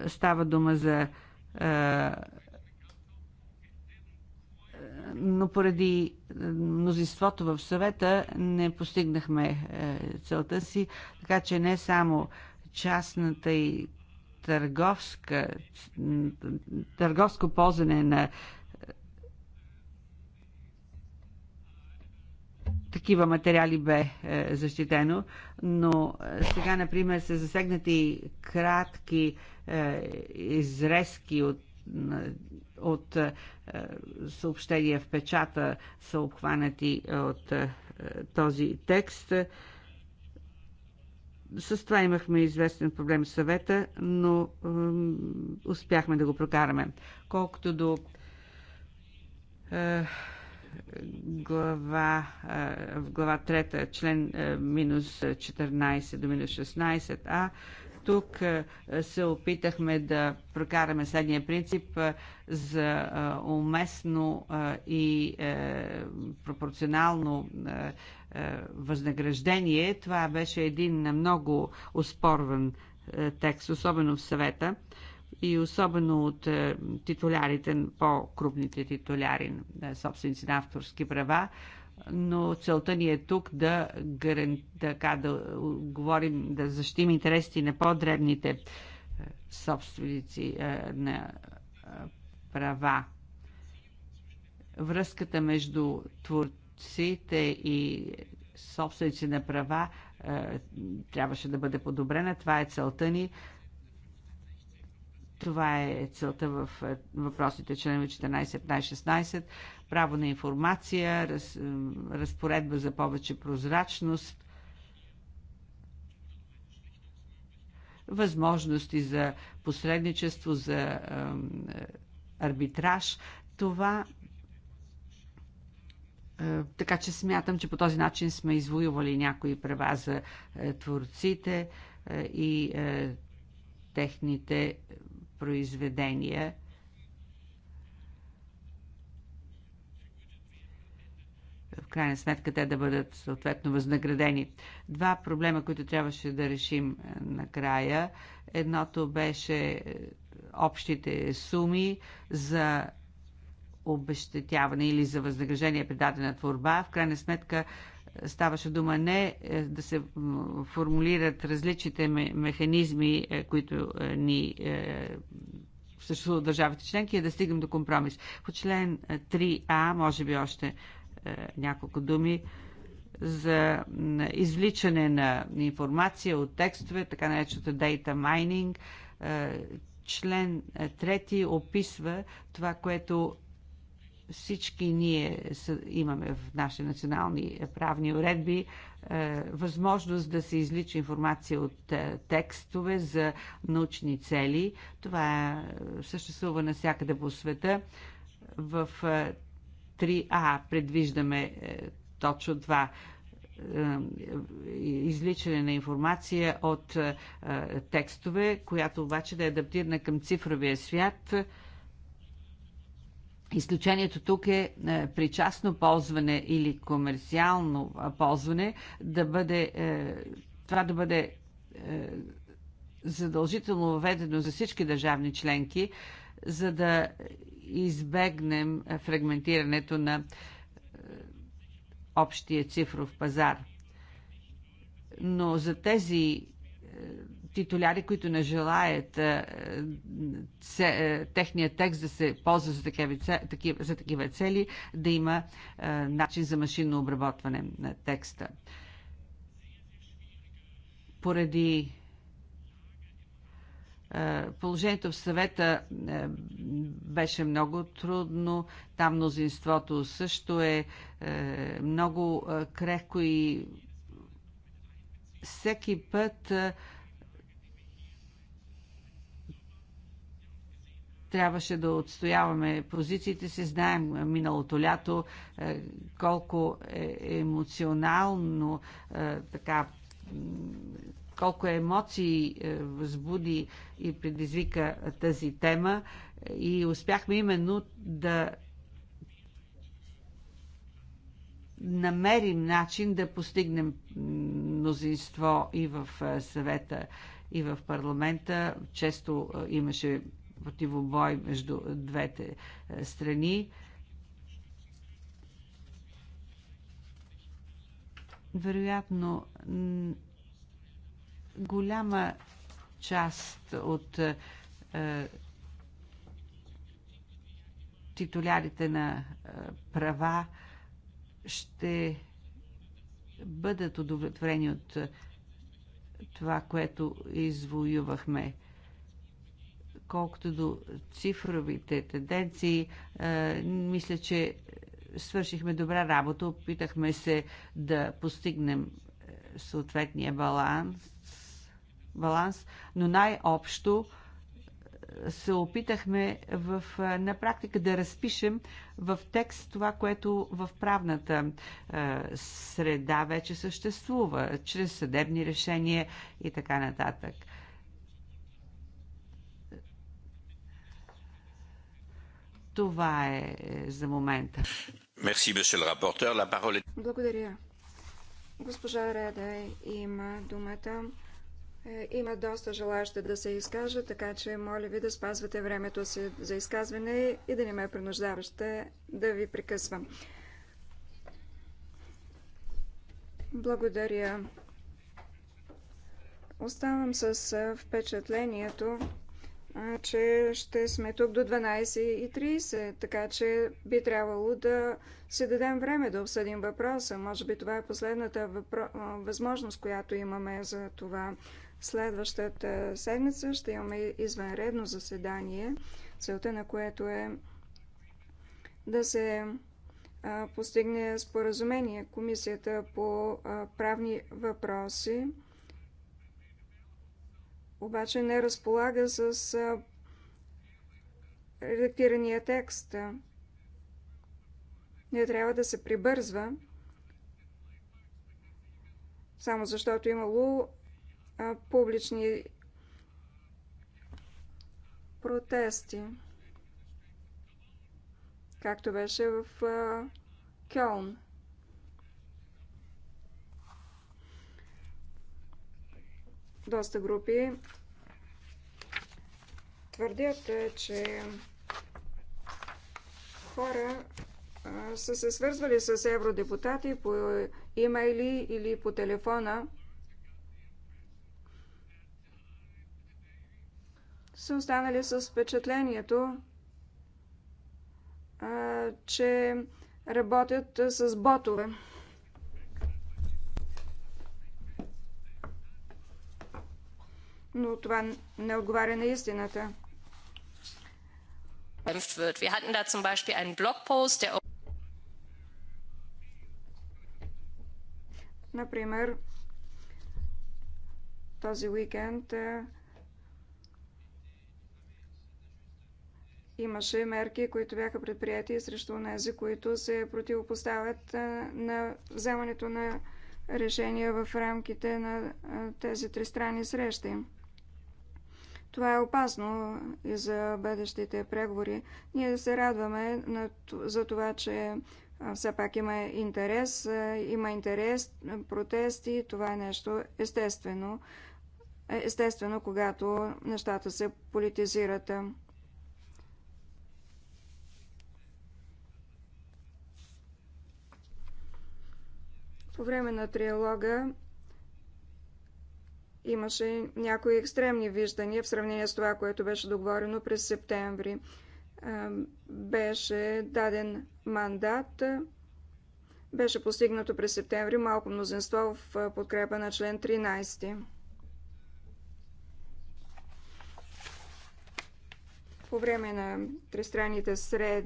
става дума за е, но поради мнозинството в съвета не постигнахме целта си, така че не само частната и търговска, търговско ползване на такива материали бе е, защитено, но е, сега, например, са засегнати кратки е, изрезки от, от е, съобщения в печата, са обхванати от е, този текст. С това имахме известен проблем с съвета, но е, успяхме да го прокараме. Колкото до. Е, глава, в глава 3, член минус 14 до минус 16а, тук се опитахме да прокараме следния принцип за уместно и пропорционално възнаграждение. Това беше един много оспорван текст, особено в съвета и особено от е, титулярите, по-крупните титуляри, е, собственици на авторски права, но целта ни е тук да, гарен, така, да говорим, да защитим интересите на по-дребните е, собственици на права. Връзката между творците и собственици на права трябваше да бъде подобрена. Това е целта ни. Това е целта в е, въпросите членове 14, 15, 16. Право на информация, раз, е, разпоредба за повече прозрачност, възможности за посредничество, за е, арбитраж. Това е, така че смятам, че по този начин сме извоювали някои права за е, творците и техните произведения. В крайна сметка те да бъдат съответно възнаградени. Два проблема, които трябваше да решим е, накрая. Едното беше е, общите суми за обещетяване или за възнаграждение при дадена творба. В крайна сметка ставаше дума не е, да се формулират различните механизми, е, които е, ни съществуват държавите членки, а да стигнем до компромис. По член 3А, може би още няколко думи за извличане на информация от текстове, така нареченото data mining. Член 3 описва това, което всички ние имаме в наши национални правни уредби е, възможност да се излича информация от е, текстове за научни цели. Това е, съществува навсякъде по света. В 3А предвиждаме точно това изличане на информация от текстове, която обаче да е адаптирана към цифровия свят – Изключението тук е, е при частно ползване или комерциално ползване да бъде, е, това да бъде е, задължително въведено за всички държавни членки, за да избегнем фрагментирането на общия цифров пазар. Но за тези титуляри, които не желаят е, е, техния текст да се ползва за такива, за такива цели, да има е, начин за машинно обработване на текста. Поради Положението в съвета беше много трудно. Там мнозинството също е много крехко и всеки път трябваше да отстояваме позициите си. Знаем миналото лято е, колко е емоционално е, така колко емоции е, възбуди и предизвика тази тема и успяхме именно да намерим начин да постигнем мнозинство и в съвета, и в парламента. Често имаше противобой между двете е, страни. Вероятно, голяма част от е, е, титулярите на права ще бъдат удовлетворени от това, което извоювахме. Колкото до цифровите тенденции, мисля, че свършихме добра работа, опитахме се да постигнем съответния баланс, баланс но най-общо се опитахме в, на практика да разпишем в текст това, което в правната е, среда вече съществува, чрез съдебни решения и така нататък. Това е, е за момента. Благодаря. Госпожа Реда има думата. Е, има доста желаящи да се изкажат, така че моля ви да спазвате времето си за изказване и да не ме принуждаващите да ви прекъсвам. Благодаря. Оставам с е, впечатлението, че ще сме тук до 12.30, така че би трябвало да си дадем време да обсъдим въпроса. Може би това е последната въпро... възможност, която имаме за това. Следващата седмица ще имаме извънредно заседание, целта на което е да се постигне споразумение Комисията по правни въпроси обаче не разполага с редактирания текст. Не трябва да се прибързва, само защото имало публични протести, както беше в Кьолн. Доста групи твърдят, е, че хора а, са се свързвали с евродепутати по имейли или по телефона. Са останали с впечатлението, а, че работят с ботове. но това не отговаря на истината. Например, този уикенд е, имаше мерки, които бяха предприяти срещу тези, които се противопоставят е, на вземането на решения в рамките на е, тези тристранни срещи. Това е опасно и за бъдещите преговори. Ние се радваме на, за това, че все пак има интерес, има интерес, протести, това е нещо естествено. Е естествено, когато нещата се политизират. По време на триалога имаше някои екстремни виждания в сравнение с това, което беше договорено през септември. Беше даден мандат, беше постигнато през септември малко мнозинство в подкрепа на член 13. По време на тристранните сред...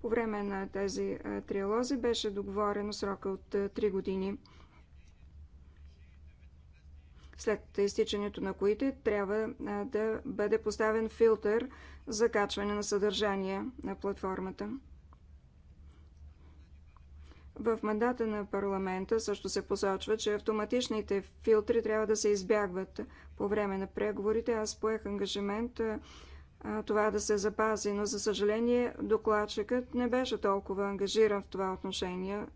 По време на тези триалози беше договорено срока от 3 години след изтичането на които трябва да бъде поставен филтър за качване на съдържание на платформата. В мандата на парламента също се посочва, че автоматичните филтри трябва да се избягват. По време на преговорите аз поех ангажимент това да се запази, но за съжаление докладчикът не беше толкова ангажиран в това отношение.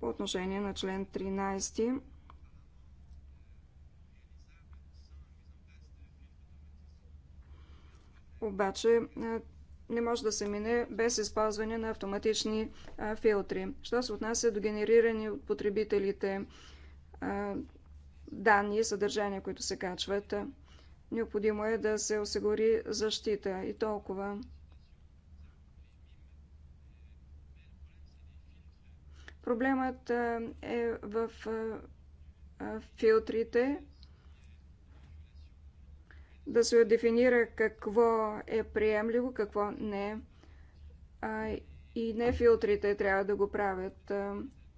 По отношение на член 13 обаче е, не може да се мине без използване на автоматични е, филтри. Що се отнася до генерирани от потребителите е, данни и съдържания, които се качват, необходимо е да се осигури защита и толкова. Проблемът е в филтрите, да се дефинира какво е приемливо, какво не. е. и не филтрите трябва да го правят.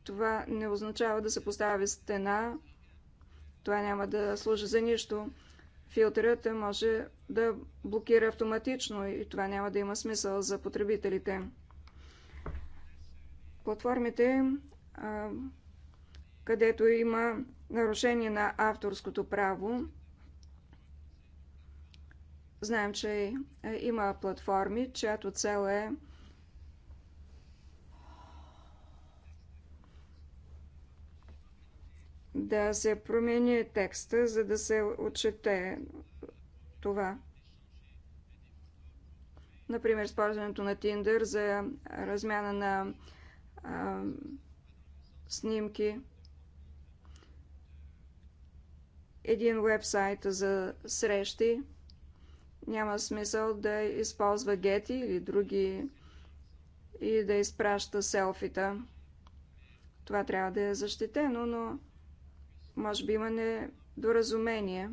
Това не означава да се постави стена. Това няма да служи за нищо. Филтърът може да блокира автоматично и това няма да има смисъл за потребителите. Платформите, където има нарушение на авторското право, Знаем, че е, има платформи, чиято цел е да се промени текста, за да се отчете това. Например, използването на Tinder за размяна на а, снимки. Един вебсайт за срещи. Няма смисъл да използва гети или други и да изпраща селфита. Това трябва да е защитено, но може би има недоразумение.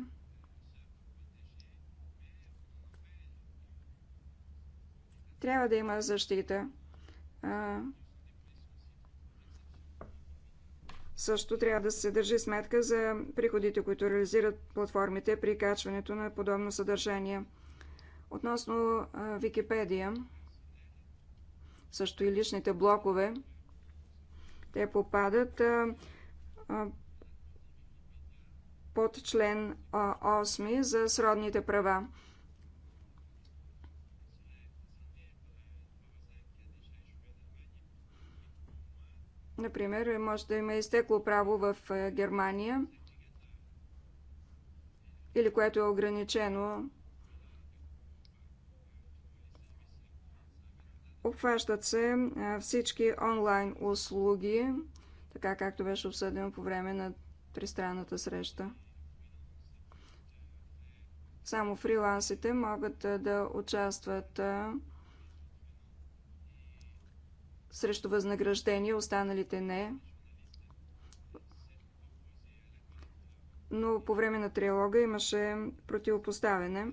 Трябва да има защита. А... Също трябва да се държи сметка за приходите, които реализират платформите при качването на подобно съдържание. Относно Википедия, също и личните блокове, те попадат под член 8 за сродните права. Например, може да има изтекло право в Германия или което е ограничено Обхващат се всички онлайн услуги, така както беше обсъдено по време на тристранната среща. Само фрилансите могат да участват срещу възнаграждение, останалите не. Но по време на триалога имаше противопоставяне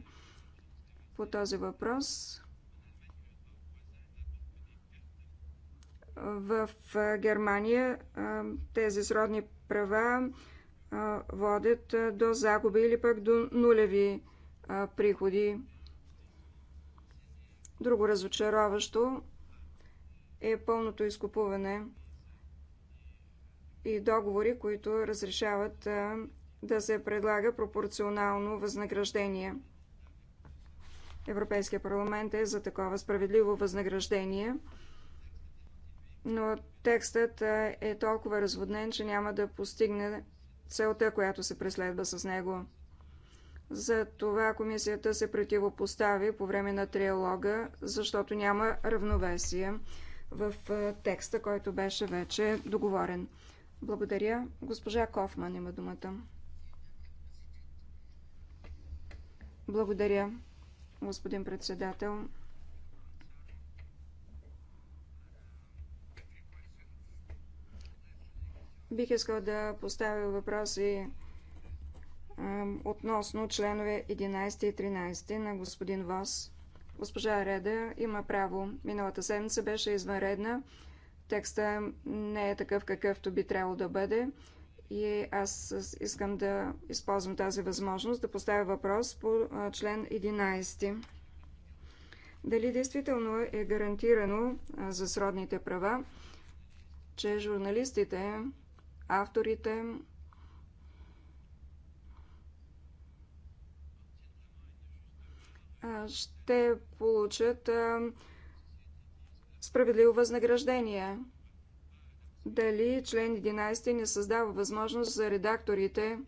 по този въпрос. В Германия тези сродни права водят до загуби или пък до нулеви приходи. Друго разочароващо е пълното изкупуване и договори, които разрешават да се предлага пропорционално възнаграждение. Европейския парламент е за такова справедливо възнаграждение – но текстът е толкова разводнен, че няма да постигне целта, която се преследва с него. За това комисията се противопостави по време на триалога, защото няма равновесие в текста, който беше вече договорен. Благодаря. Госпожа Кофман има думата. Благодаря, господин председател. Бих искал да поставя въпроси относно членове 11 и 13 на господин Вос. Госпожа Реда има право. Миналата седмица беше извънредна. Текста не е такъв какъвто би трябвало да бъде. И аз искам да използвам тази възможност да поставя въпрос по член 11. Дали действително е гарантирано за сродните права, че журналистите авторите. Ще получат справедливо възнаграждение. Дали член 11 не създава възможност за редакторите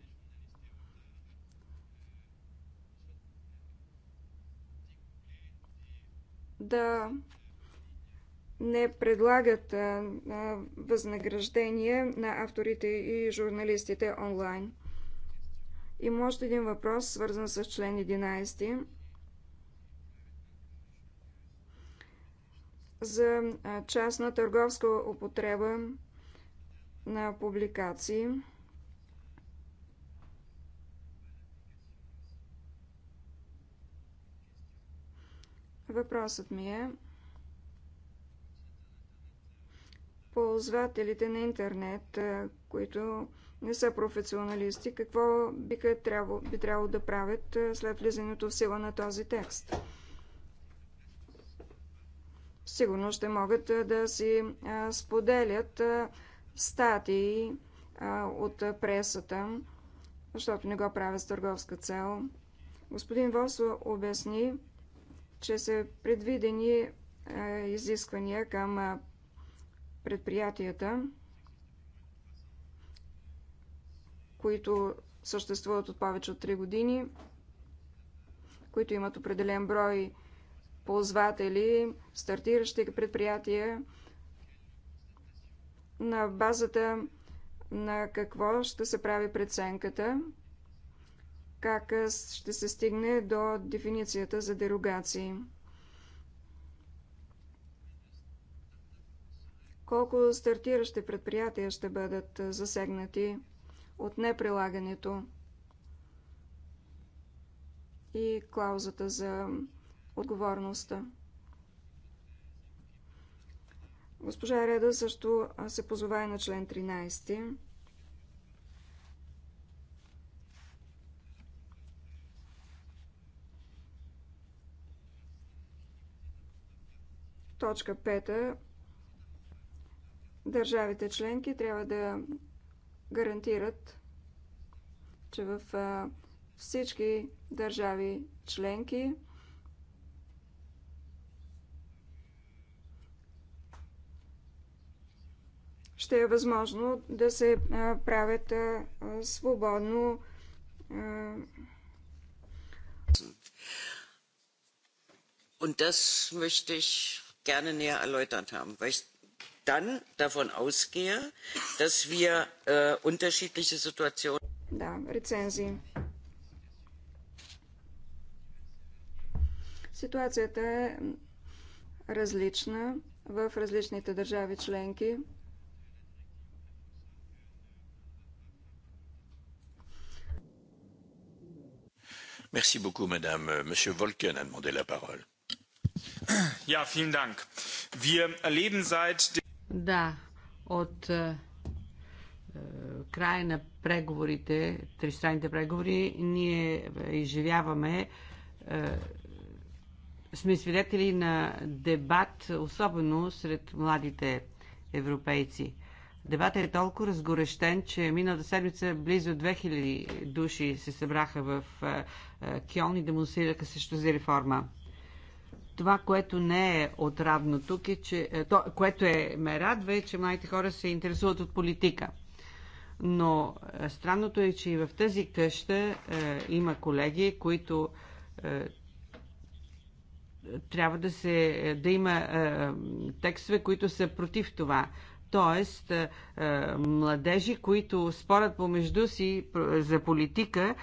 да не предлагат възнаграждение на авторите и журналистите онлайн. Има още един въпрос, свързан с член 11. за частна търговска употреба на публикации. Въпросът ми е ползвателите на интернет, които не са професионалисти, какво биха трябвало, би трябвало да правят след влизането в сила на този текст. Сигурно ще могат да си споделят статии от пресата, защото не го правят с търговска цел. Господин Вос обясни, че са предвидени изисквания към предприятията, които съществуват от повече от 3 години, които имат определен брой ползватели, стартиращи предприятия, на базата на какво ще се прави преценката, как ще се стигне до дефиницията за дерогации. Колко стартиращи предприятия ще бъдат засегнати от неприлагането и клаузата за отговорността? Госпожа Реда също се позова и на член 13. Точка 5 Държавите членки трябва да гарантират, че в всички държави членки ще е възможно да се правят свободно Und das möchte ich gerne näher erläutert haben, weil ich dann davon ausgehe, dass wir äh, unterschiedliche Situationen. Да, рецензии. Ситуацията е различна в различните държави членки. Merci beaucoup, madame. Monsieur Volken a demandé la parole. Ja, vielen Dank. Wir erleben seit да, от е, е, края на преговорите, тристранните преговори, ние е, изживяваме е, сме свидетели на дебат, особено сред младите европейци. Дебатът е толкова разгорещен, че миналата седмица близо 2000 души се събраха в е, Кьон и демонстрираха срещу за реформа. Това, което не е отрадно тук, е, че, е, то, което е, ме радва, е, че младите хора се интересуват от политика. Но е, странното е, че и в тази къща е, има колеги, които е, трябва да, се, е, да има е, текстове, които са против това. Тоест, е, е, младежи, които спорят помежду си е, за политика,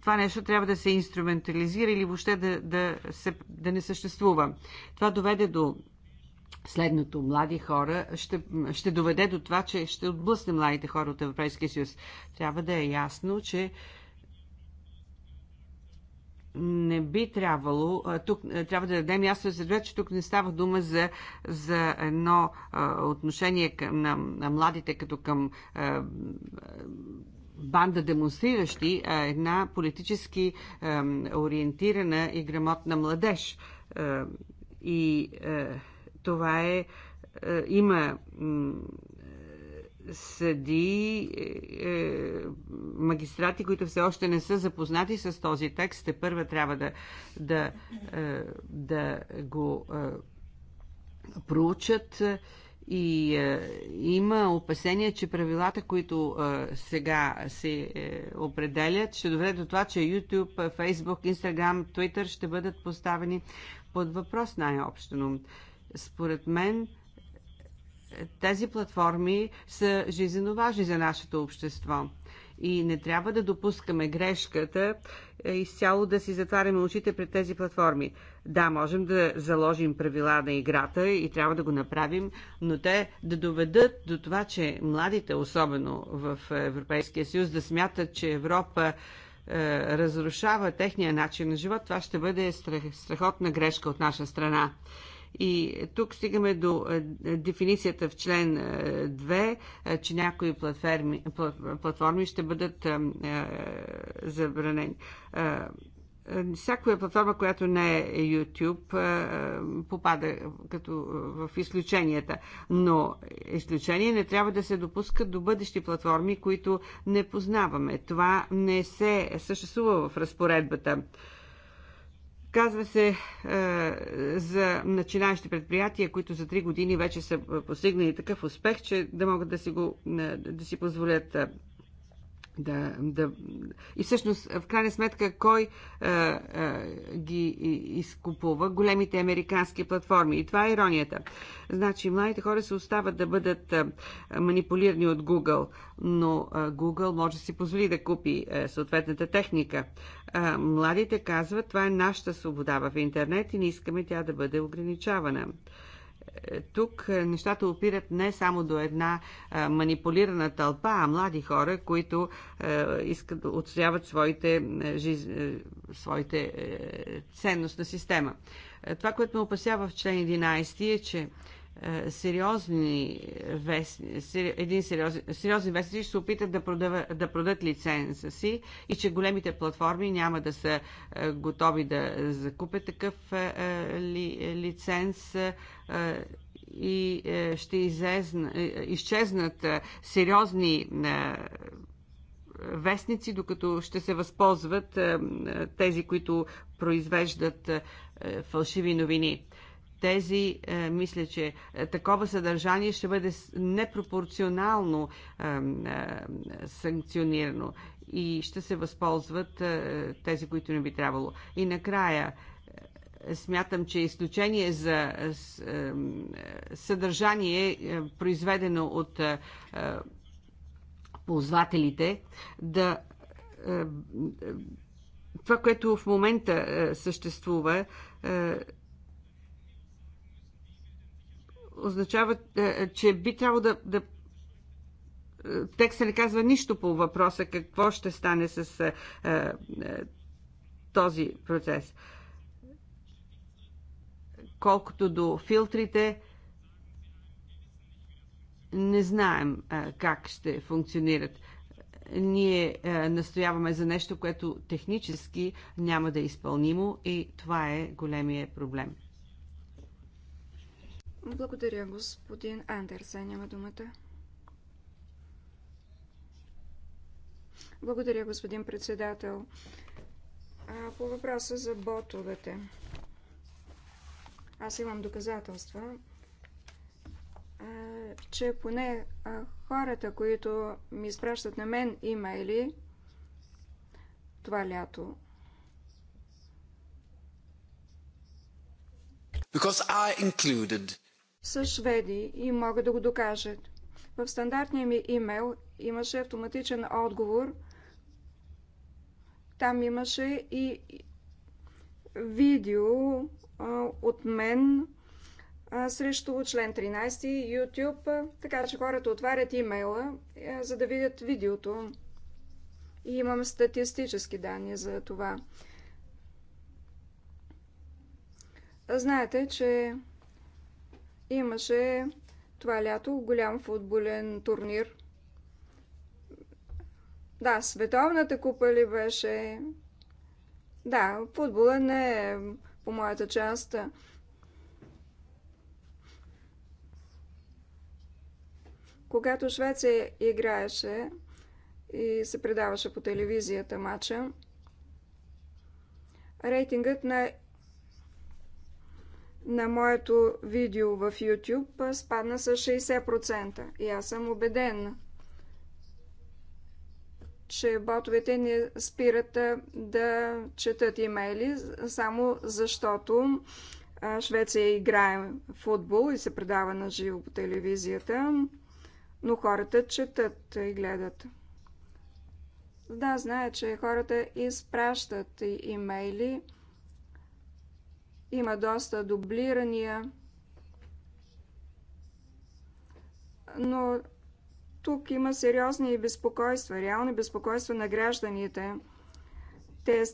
това нещо трябва да се инструментализира или въобще да, да, се, да не съществува. Това доведе до следното. Млади хора ще, ще доведе до това, че ще отблъсне младите хора от Европейския съюз. Трябва да е ясно, че не би трябвало, тук трябва да дадем ясно за че тук не става дума за, за едно отношение към, на, на младите като към а, банда демонстриращи, а една политически а, ориентирана и грамотна младеж. А, и това е, има съди, е, е, магистрати, които все още не са запознати с този текст, те първа трябва да, да, е, да го проучат и е, има опасения, че правилата, които е, сега се е, определят, ще доведе до това, че YouTube, Facebook, Instagram, Twitter ще бъдат поставени под въпрос най-общено. Според мен, тези платформи са жизненно важни за нашето общество и не трябва да допускаме грешката е, изцяло да си затваряме очите пред тези платформи. Да, можем да заложим правила на играта и трябва да го направим, но те да доведат до това, че младите, особено в Европейския съюз, да смятат, че Европа е, разрушава техния начин на живот, това ще бъде страх, страхотна грешка от наша страна. И тук стигаме до е, е, дефиницията в член 2, е, че някои платформи, платформи ще бъдат забранени. Всякоя платформа, която не е YouTube, попада като в изключенията. Но изключения не трябва да се допускат до бъдещи платформи, които не познаваме. Това не се съществува в разпоредбата. Казва се е, за начинащи предприятия, които за 3 години вече са е, постигнали такъв успех, че да могат да си, го, е, да си позволят е, да, да... И всъщност, в крайна сметка, кой а, а, ги изкупува? Големите американски платформи. И това е иронията. Значи, младите хора се остават да бъдат а, манипулирани от Google, но а, Google може да си позволи да купи а, съответната техника. А, младите казват, това е нашата свобода в интернет и не искаме тя да бъде ограничавана тук е, нещата опират не само до една е, манипулирана тълпа, а млади хора, които е, искат да отстояват своите, жиз... своите ценностна система. Това, което ме опасява в член 11 е, че е, сериозни вестници, един сериозен, сериозни вестници ще се опитат да, продава, да продат лиценза си и че големите платформи няма да са е, готови да закупят такъв е, ли, лиценз и ще изезна, изчезнат сериозни вестници, докато ще се възползват тези, които произвеждат фалшиви новини тези, е, мисля, че е, такова съдържание ще бъде непропорционално е, санкционирано и ще се възползват тези, които не би трябвало. И накрая, смятам, че изключение за съдържание, произведено от ползвателите, да това, което в момента съществува, означава, е, е, че би трябвало да, да е, текста не казва нищо по въпроса какво ще стане с е, е, този процес. Колкото до филтрите, не знаем е, как ще функционират. Ние е, настояваме за нещо, което технически няма да е изпълнимо и това е големия проблем. Благодаря, господин Андерсен. Няма думата. Благодаря, господин председател. А, по въпроса за ботовете. Аз имам доказателства, а, че поне а, хората, които ми изпращат на мен имейли това лято, Because I included са шведи и могат да го докажат. В стандартния ми имейл имаше автоматичен отговор. Там имаше и видео от мен срещу член 13 YouTube, така че хората отварят имейла, е, за да видят видеото. И имам статистически данни за това. Знаете, че Имаше това лято голям футболен турнир. Да, световната купа ли беше? Да, футбола не е по моята част. Когато Швеция играеше и се предаваше по телевизията матча, рейтингът на на моето видео в YouTube спадна с 60%. И аз съм убеден, че ботовете не спират да четат имейли, само защото Швеция играе в футбол и се предава на живо по телевизията, но хората четат и гледат. Да, знае, че хората изпращат имейли, има доста дублирания. Но тук има сериозни безпокойства, реални безпокойства на гражданите. Те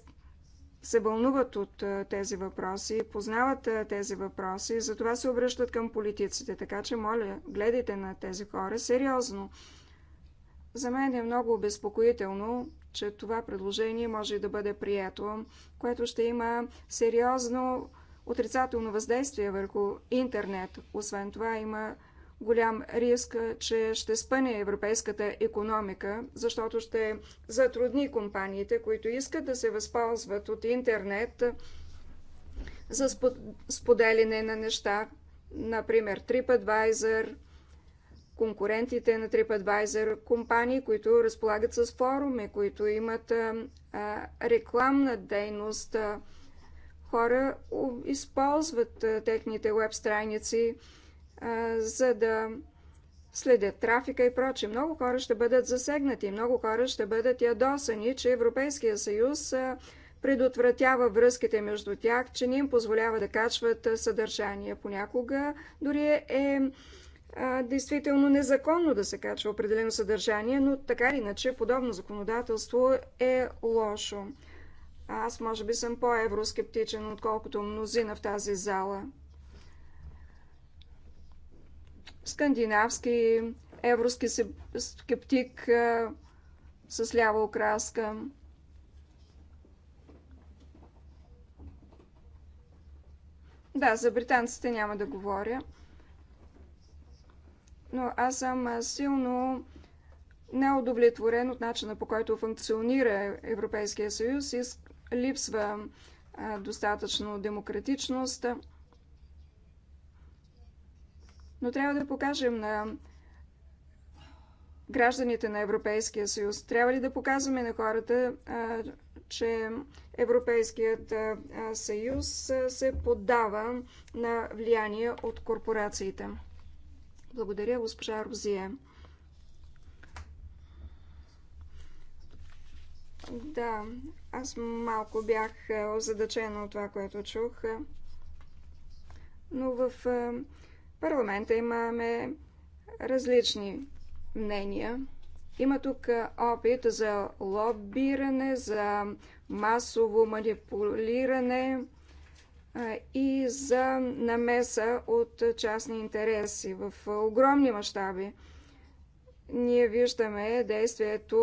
се вълнуват от тези въпроси, познават тези въпроси, затова се обръщат към политиците. Така че, моля, гледайте на тези хора сериозно. За мен е много обезпокоително, че това предложение може да бъде прието, което ще има сериозно отрицателно въздействие върху интернет. Освен това има голям риск, че ще спъне европейската економика, защото ще затрудни компаниите, които искат да се възползват от интернет за споделяне на неща, например TripAdvisor, конкурентите на TripAdvisor, компании, които разполагат с форуми, които имат рекламна дейност, хора използват техните веб страници, за да следят трафика и проче. Много хора ще бъдат засегнати, много хора ще бъдат ядосани, че Европейския съюз предотвратява връзките между тях, че не им позволява да качват съдържание. Понякога дори е действително незаконно да се качва определено съдържание, но така или иначе подобно законодателство е лошо. Аз може би съм по-евроскептичен, отколкото мнозина в тази зала. Скандинавски, евроски скептик с лява окраска. Да, за британците няма да говоря. Но аз съм силно неудовлетворен от начина по който функционира Европейския съюз и липсва достатъчно демократичност. Но трябва да покажем на гражданите на Европейския съюз. Трябва ли да показваме на хората, че Европейският съюз се поддава на влияние от корпорациите? Благодаря, госпожа Розия. Да, аз малко бях е, озадачена от това, което чух. Но в е, парламента имаме различни мнения. Има тук е, опит за лоббиране, за масово манипулиране и за намеса от частни интереси в огромни мащаби. Ние виждаме действието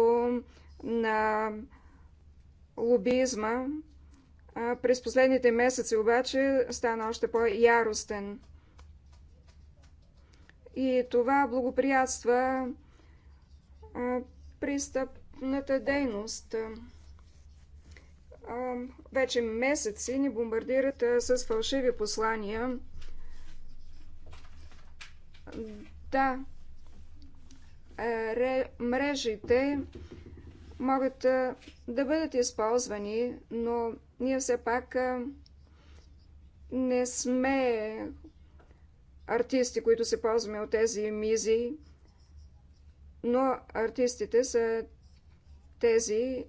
на лобизма през последните месеци обаче стана още по-яростен. И това благоприятства пристъпната дейност. Вече месеци ни бомбардират с фалшиви послания. Да, мрежите могат да бъдат използвани, но ние все пак не сме артисти, които се ползваме от тези мизи, но артистите са тези,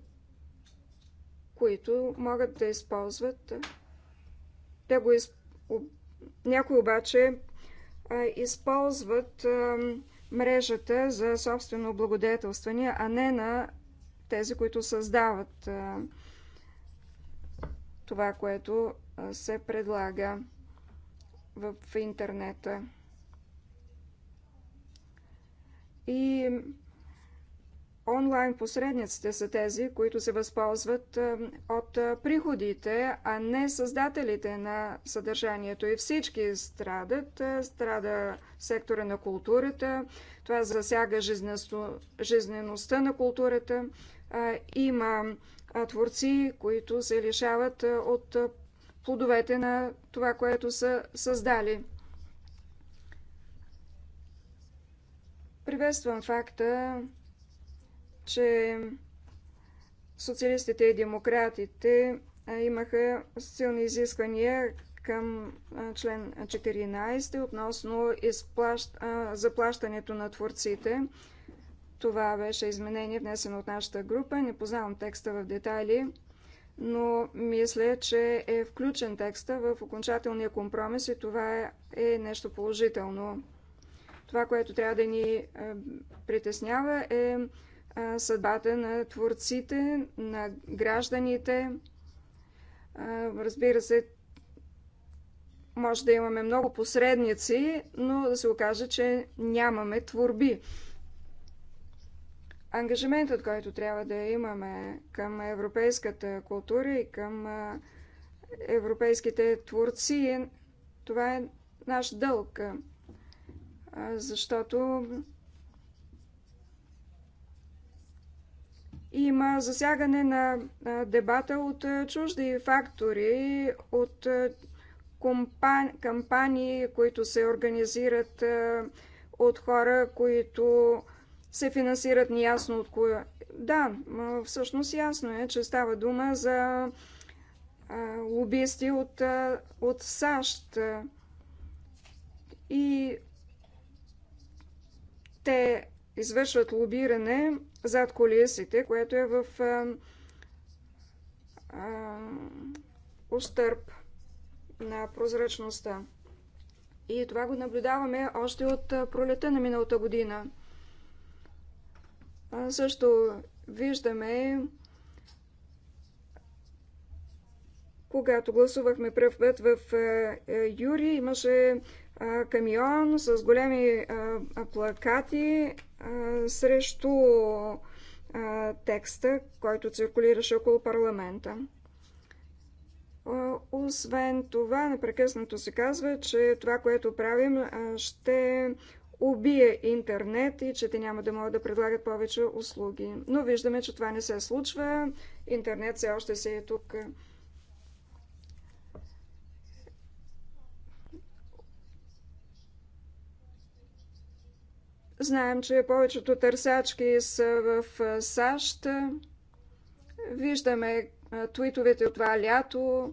които могат да използват. Те го из... Някои обаче а, използват а, мрежата за собствено благодетелстване, а не на тези, които създават това, което се предлага в интернета. И онлайн посредниците са тези, които се възползват от приходите, а не създателите на съдържанието. И всички страдат. Страда сектора на културата. Това засяга жизнеността на културата има творци, които се лишават от плодовете на това, което са създали. Приветствам факта, че социалистите и демократите имаха силни изисквания към член 14 относно изплащ... заплащането на творците. Това беше изменение, внесено от нашата група. Не познавам текста в детайли, но мисля, че е включен текста в окончателния компромис и това е нещо положително. Това, което трябва да ни е, притеснява е, е съдбата на творците, на гражданите. Е, разбира се, може да имаме много посредници, но да се окаже, че нямаме творби ангажиментът, който трябва да имаме към европейската култура и към европейските творци, е, това е наш дълг. Защото има засягане на дебата от чужди фактори, от кампании, които се организират от хора, които се финансират неясно от коя. Да, всъщност ясно е, че става дума за лобисти от, от САЩ. И те извършват лобиране зад колесите, което е в а, а, устърп на прозрачността. И това го наблюдаваме още от пролета на миналата година – също виждаме, когато гласувахме пръв път в е, Юри, имаше камион с големи плакати срещу текста, който циркулираше около парламента. Освен това, непрекъснато се казва, че това, което правим, ще убие интернет и че те няма да могат да предлагат повече услуги. Но виждаме, че това не се случва. Интернет все още се е тук. Знаем, че повечето търсачки са в САЩ. Виждаме твитовете от това лято.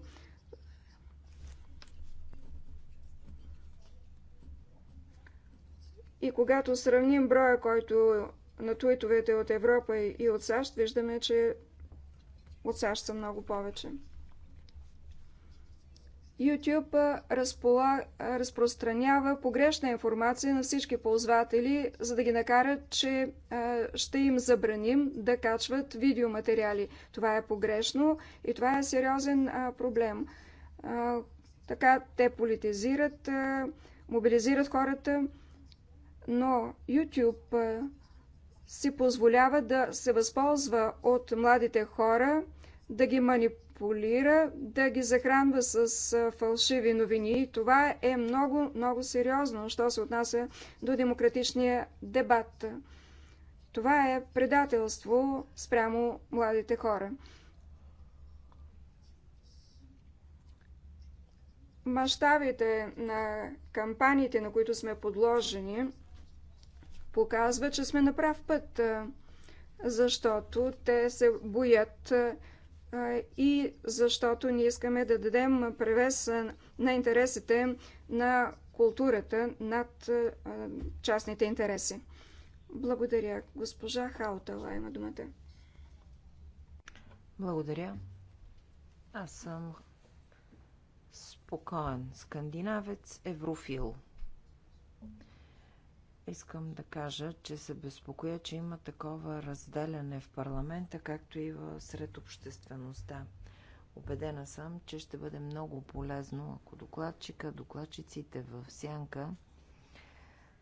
И когато сравним броя, който на туитовете от Европа и от САЩ, виждаме, че от САЩ са много повече. YouTube разпола... разпространява погрешна информация на всички ползватели, за да ги накарат, че ще им забраним да качват видеоматериали. Това е погрешно и това е сериозен проблем. така те политизират, мобилизират хората но YouTube си позволява да се възползва от младите хора, да ги манипулира, да ги захранва с фалшиви новини. И това е много, много сериозно, що се отнася до демократичния дебат. Това е предателство спрямо младите хора. Мащабите на кампаниите, на които сме подложени, показва, че сме на прав път, защото те се боят и защото ние искаме да дадем превес на интересите на културата над частните интереси. Благодаря. Госпожа Хаутала има думата. Благодаря. Аз съм спокоен скандинавец, еврофил. Искам да кажа, че се безпокоя, че има такова разделяне в парламента, както и в сред обществеността. Обедена съм, че ще бъде много полезно, ако докладчика, докладчиците в сянка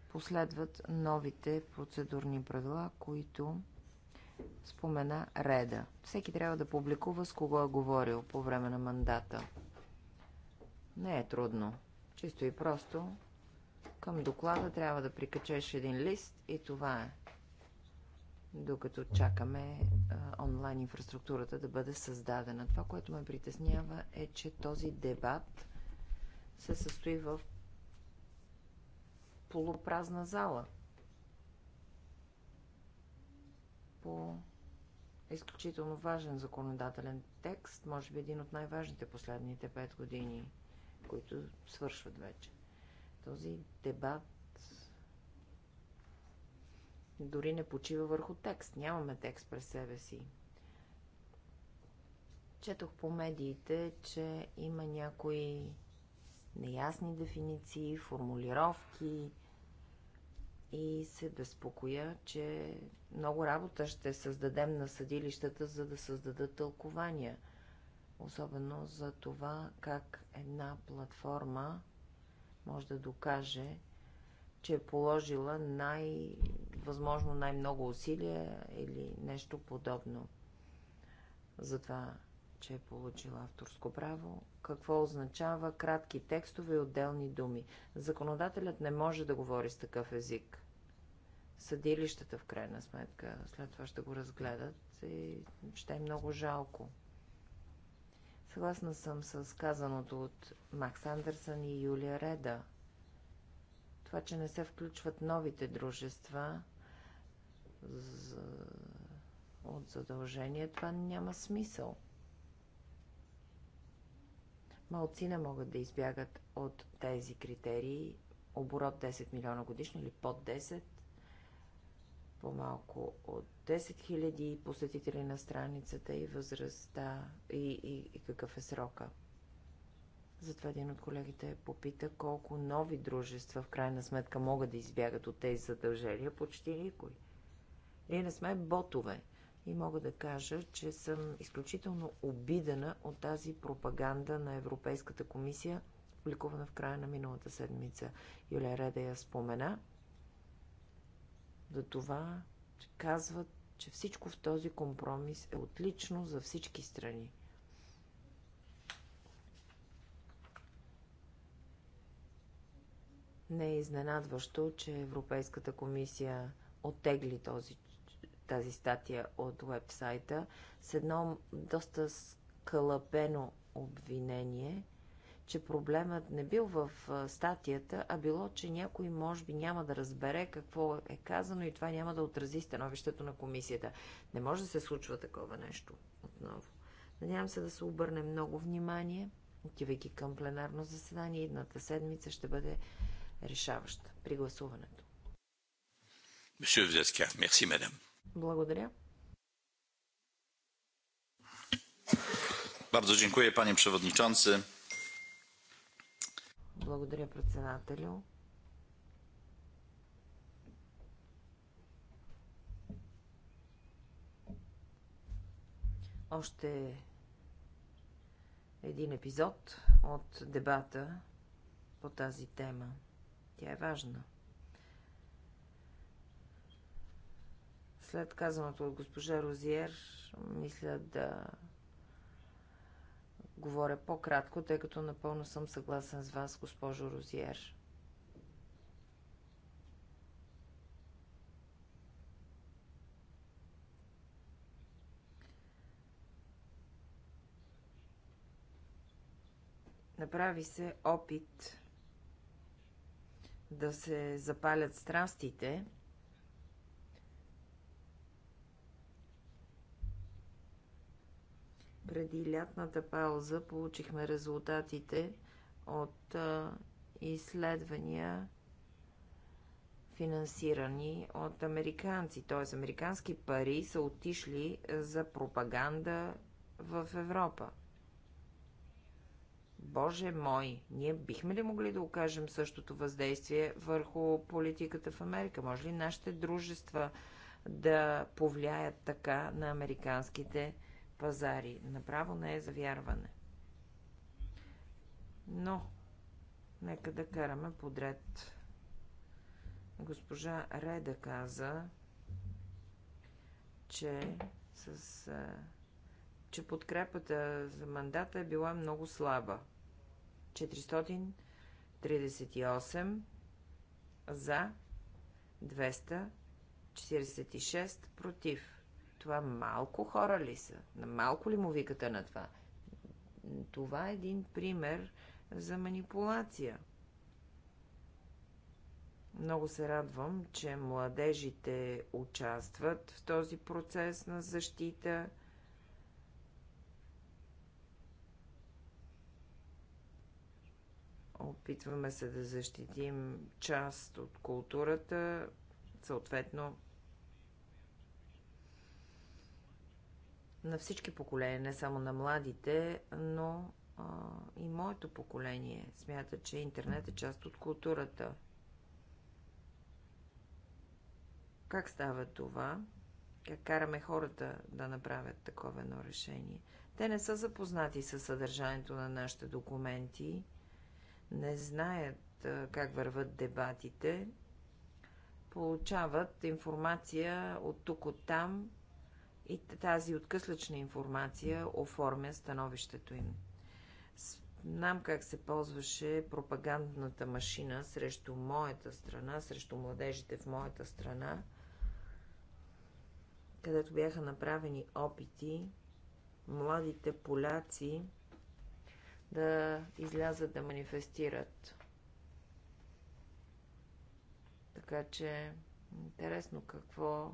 последват новите процедурни правила, които спомена Реда. Всеки трябва да публикува с кого е говорил по време на мандата. Не е трудно. Чисто и просто към доклада трябва да прикачеш един лист и това е. Докато чакаме а, онлайн инфраструктурата да бъде създадена. Това, което ме притеснява е, че този дебат се състои в полупразна зала. По изключително важен законодателен текст, може би един от най-важните последните пет години, които свършват вече. Този дебат дори не почива върху текст. Нямаме текст през себе си. Четох по медиите, че има някои неясни дефиниции, формулировки и се безпокоя, че много работа ще създадем на съдилищата, за да създадат тълкования. Особено за това как една платформа може да докаже, че е положила най, възможно най-много усилия или нещо подобно за това, че е получила авторско право. Какво означава кратки текстове и отделни думи? Законодателят не може да говори с такъв език. Съдилищата, в крайна сметка, след това ще го разгледат и ще е много жалко. Съгласна съм с казаното от Макс Андерсън и Юлия Реда. Това, че не се включват новите дружества за... от задължение, това няма смисъл. Малцина могат да избягат от тези критерии оборот 10 милиона годишно или под 10 по-малко от 10 000 посетители на страницата и възрастта и, и, и какъв е срока. Затова един от колегите попита колко нови дружества в крайна сметка могат да избягат от тези задължения. Почти никой. Ние не сме ботове. И мога да кажа, че съм изключително обидена от тази пропаганда на Европейската комисия, публикувана в края на миналата седмица. Юлия Реда я спомена – за това, че казват, че всичко в този компромис е отлично за всички страни. Не е изненадващо, че Европейската комисия оттегли този, тази статия от вебсайта с едно доста скълъпено обвинение, че проблемът не бил в статията, а било, че някой може би няма да разбере какво е казано и това няма да отрази становището на комисията. Не може да се случва такова нещо отново. Надявам се да се обърне много внимание, отивайки към пленарно заседание. Едната седмица ще бъде решаваща при гласуването. Благодаря. Bardzo dziękuję, panie przewodniczący. Благодаря, председателю. Още един епизод от дебата по тази тема. Тя е важна. След казаното от госпожа Розиер, мисля да говоря по-кратко, тъй като напълно съм съгласен с вас, госпожо Розиер. Направи се опит да се запалят страстите – Преди лятната пауза получихме резултатите от изследвания, финансирани от американци. Т.е. американски пари са отишли за пропаганда в Европа. Боже мой, ние бихме ли могли да окажем същото въздействие върху политиката в Америка? Може ли нашите дружества да повлияят така на американските пазари. Направо не е за вярване. Но, нека да караме подред. Госпожа Реда каза, че с че подкрепата за мандата е била много слаба. 438 за, 246 против. Това малко хора ли са? На малко ли му викате на това? Това е един пример за манипулация. Много се радвам, че младежите участват в този процес на защита. Опитваме се да защитим част от културата, съответно на всички поколения, не само на младите, но а, и моето поколение смята, че интернет е част от културата. Как става това? Как караме хората да направят такова едно решение? Те не са запознати с съдържанието на нашите документи, не знаят а, как върват дебатите, получават информация от тук, от там, и тази откъслечна информация оформя становището им. Знам как се ползваше пропагандната машина срещу моята страна, срещу младежите в моята страна, където бяха направени опити младите поляци да излязат да манифестират. Така че, интересно какво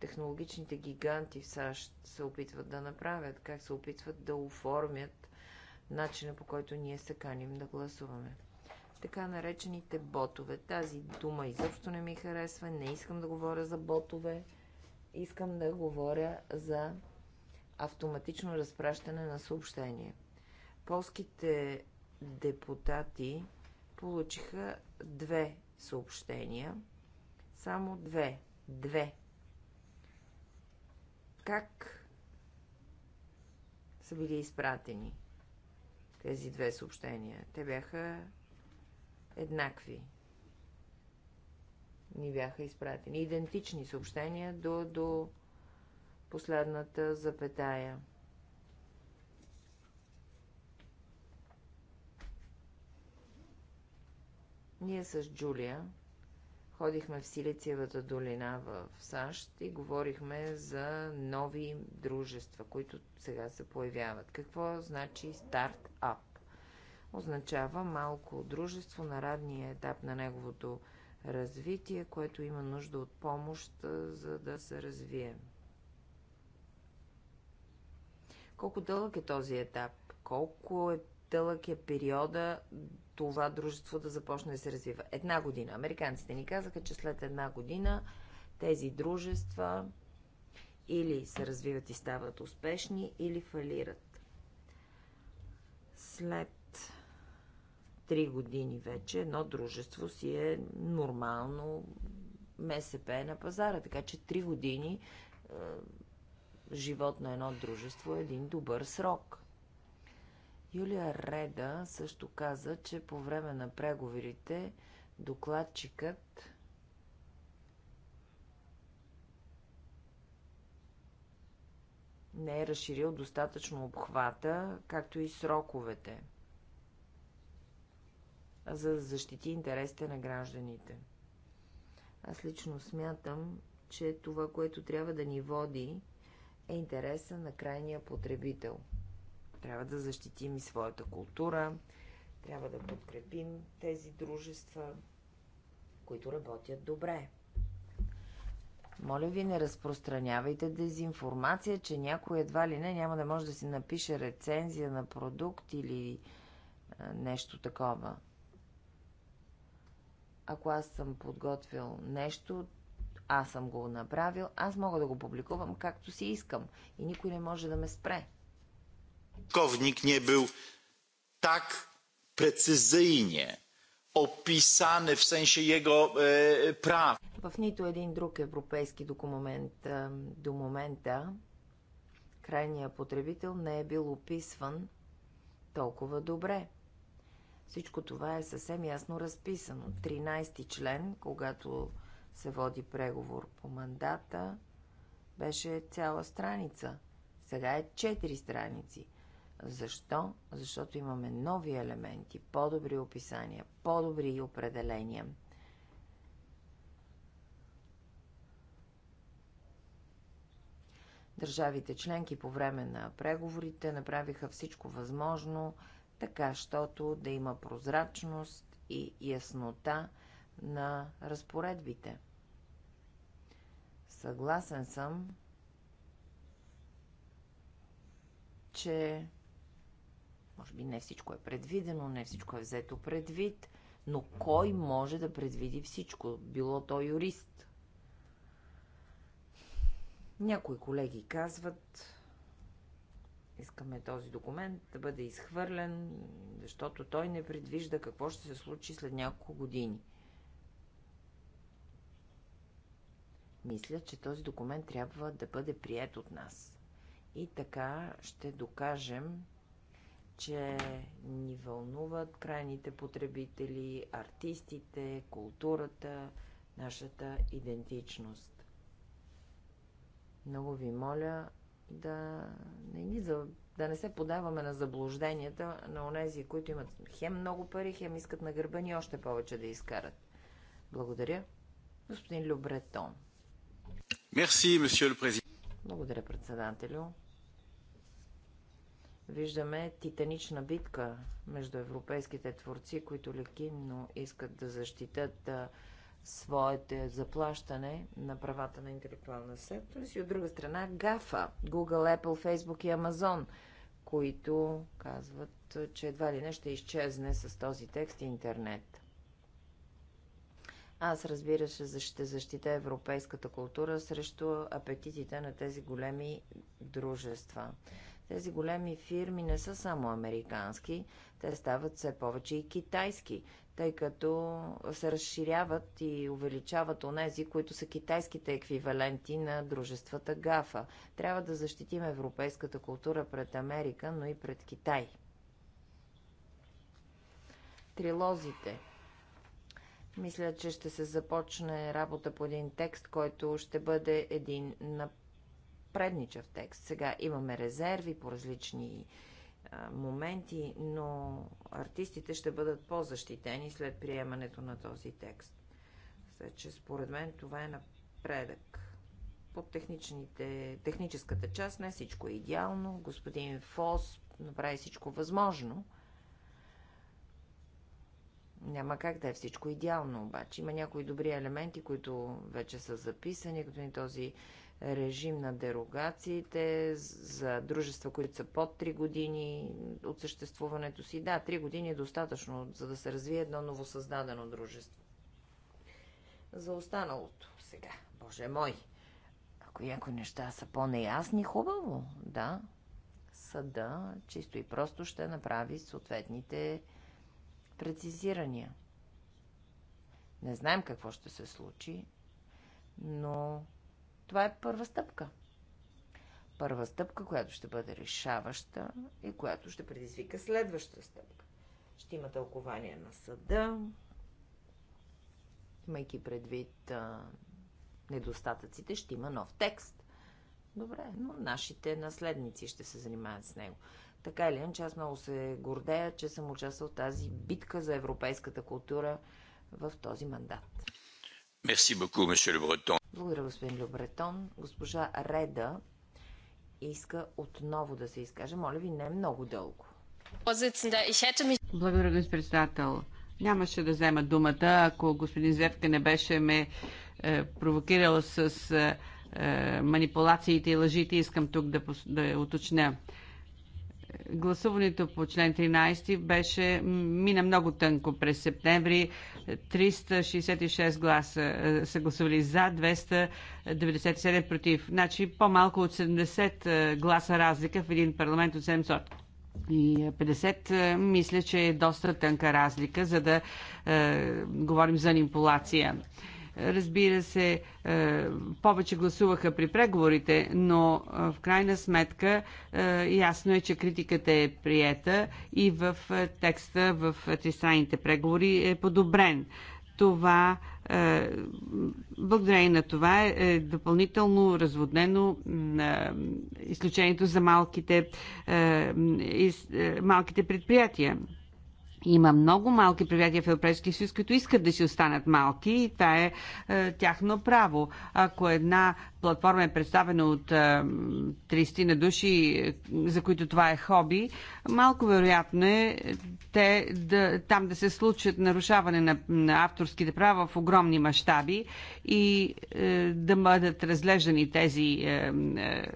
технологичните гиганти в САЩ се опитват да направят, как се опитват да оформят начина по който ние се каним да гласуваме. Така наречените ботове. Тази дума изобщо не ми харесва, не искам да говоря за ботове, искам да говоря за автоматично разпращане на съобщение. Полските депутати получиха две съобщения, само две, две как са били изпратени тези две съобщения. Те бяха еднакви. Ни бяха изпратени. Идентични съобщения до, до последната запетая. Ние с Джулия Ходихме в Силициевата долина в САЩ и говорихме за нови дружества, които сега се появяват. Какво значи стартап? Означава малко дружество на радния етап на неговото развитие, което има нужда от помощ, за да се развие. Колко дълъг е този етап? Колко е дълъг е периода това дружество да започне да се развива. Една година. Американците ни казаха, че след една година тези дружества или се развиват и стават успешни, или фалират. След три години вече едно дружество си е нормално МСП на пазара, така че три години е, живот на едно дружество е един добър срок. Юлия Реда също каза, че по време на преговорите докладчикът не е разширил достатъчно обхвата, както и сроковете, за да защити интересите на гражданите. Аз лично смятам, че това, което трябва да ни води, е интереса на крайния потребител – трябва да защитим и своята култура, трябва да подкрепим тези дружества, които работят добре. Моля ви, не разпространявайте дезинформация, че някой едва ли не няма да може да си напише рецензия на продукт или нещо такова. Ако аз съм подготвил нещо, аз съм го направил, аз мога да го публикувам както си искам и никой не може да ме спре pułkownik nie był tak precyzyjnie opisany w sensie jego praw. В нито един друг европейски документ до момента крайният потребител не е бил описван толкова добре. Всичко това е съвсем ясно разписано. 13-ти член, когато се води преговор по мандата, беше цяла страница. Сега е 4 страници. Защо? Защото имаме нови елементи, по-добри описания, по-добри определения. Държавите членки по време на преговорите направиха всичко възможно, така, щото да има прозрачност и яснота на разпоредбите. Съгласен съм, че може би не всичко е предвидено, не всичко е взето предвид, но кой може да предвиди всичко? Било то юрист. Някои колеги казват, искаме този документ да бъде изхвърлен, защото той не предвижда какво ще се случи след няколко години. Мисля, че този документ трябва да бъде прият от нас. И така ще докажем, че ни вълнуват крайните потребители, артистите, културата, нашата идентичност. Много ви моля да не, ни, да не се подаваме на заблужденията на онези, които имат хем много пари, хем искат на гърба ни още повече да изкарат. Благодаря. Господин Любретон. Мерси, месье Благодаря, председателю. Виждаме титанична битка между европейските творци, които легитимно искат да защитат своите заплащане на правата на интелектуална сектора и от друга страна ГАФА, Google, Apple, Facebook и Amazon, които казват, че едва ли не ще изчезне с този текст интернет. Аз разбира се ще защита европейската култура срещу апетитите на тези големи дружества. Тези големи фирми не са само американски, те стават все повече и китайски, тъй като се разширяват и увеличават онези, които са китайските еквиваленти на дружествата ГАФА. Трябва да защитим европейската култура пред Америка, но и пред Китай. Трилозите. Мисля, че ще се започне работа по един текст, който ще бъде един на предничав текст. Сега имаме резерви по различни моменти, но артистите ще бъдат по-защитени след приемането на този текст. След, че според мен това е напредък. По техническата част не всичко е идеално. Господин Фос направи всичко възможно. Няма как да е всичко идеално, обаче. Има някои добри елементи, които вече са записани, като и този режим на дерогациите за дружества, които са под 3 години от съществуването си. Да, 3 години е достатъчно, за да се развие едно новосъздадено дружество. За останалото сега, Боже мой, ако някои неща са по-неясни, хубаво, да, съда чисто и просто ще направи съответните прецизирания. Не знаем какво ще се случи, но това е първа стъпка. Първа стъпка, която ще бъде решаваща и която ще предизвика следваща стъпка. Ще има тълкование на съда, имайки предвид а, недостатъците, ще има нов текст. Добре, но нашите наследници ще се занимават с него. Така или иначе, аз много се гордея, че съм участвал в тази битка за европейската култура в този мандат. Мерси beaucoup, месье Бретон. Благодаря, господин Любретон. Госпожа Реда иска отново да се изкаже. Моля ви, не много дълго. Благодаря, господин председател. Нямаше да взема думата, ако господин Зевка не беше ме е, провокирал с е, е манипулациите и лъжите. Искам тук да, да уточня гласуването по член 13 беше, мина много тънко през септември. 366 гласа е, са гласували за, 297 против. Значи по-малко от 70 е, гласа разлика в един парламент от 700. И 50 е, мисля, че е доста тънка разлика, за да е, говорим за манипулация. Разбира се, е, повече гласуваха при преговорите, но е, в крайна сметка е, ясно е, че критиката е приета и в текста в тристранните преговори е подобрен. Това благодарение на това е допълнително разводнено изключението за малките, малките предприятия. Има много малки предприятия в Европейския съюз, които искат да си останат малки и това е, е тяхно право. Ако една платформа е представена от е, 30 на души, е, за които това е хоби, малко вероятно е те да, там да се случат нарушаване на, на авторските права в огромни мащаби и е, да бъдат разглеждани тези. Е, е,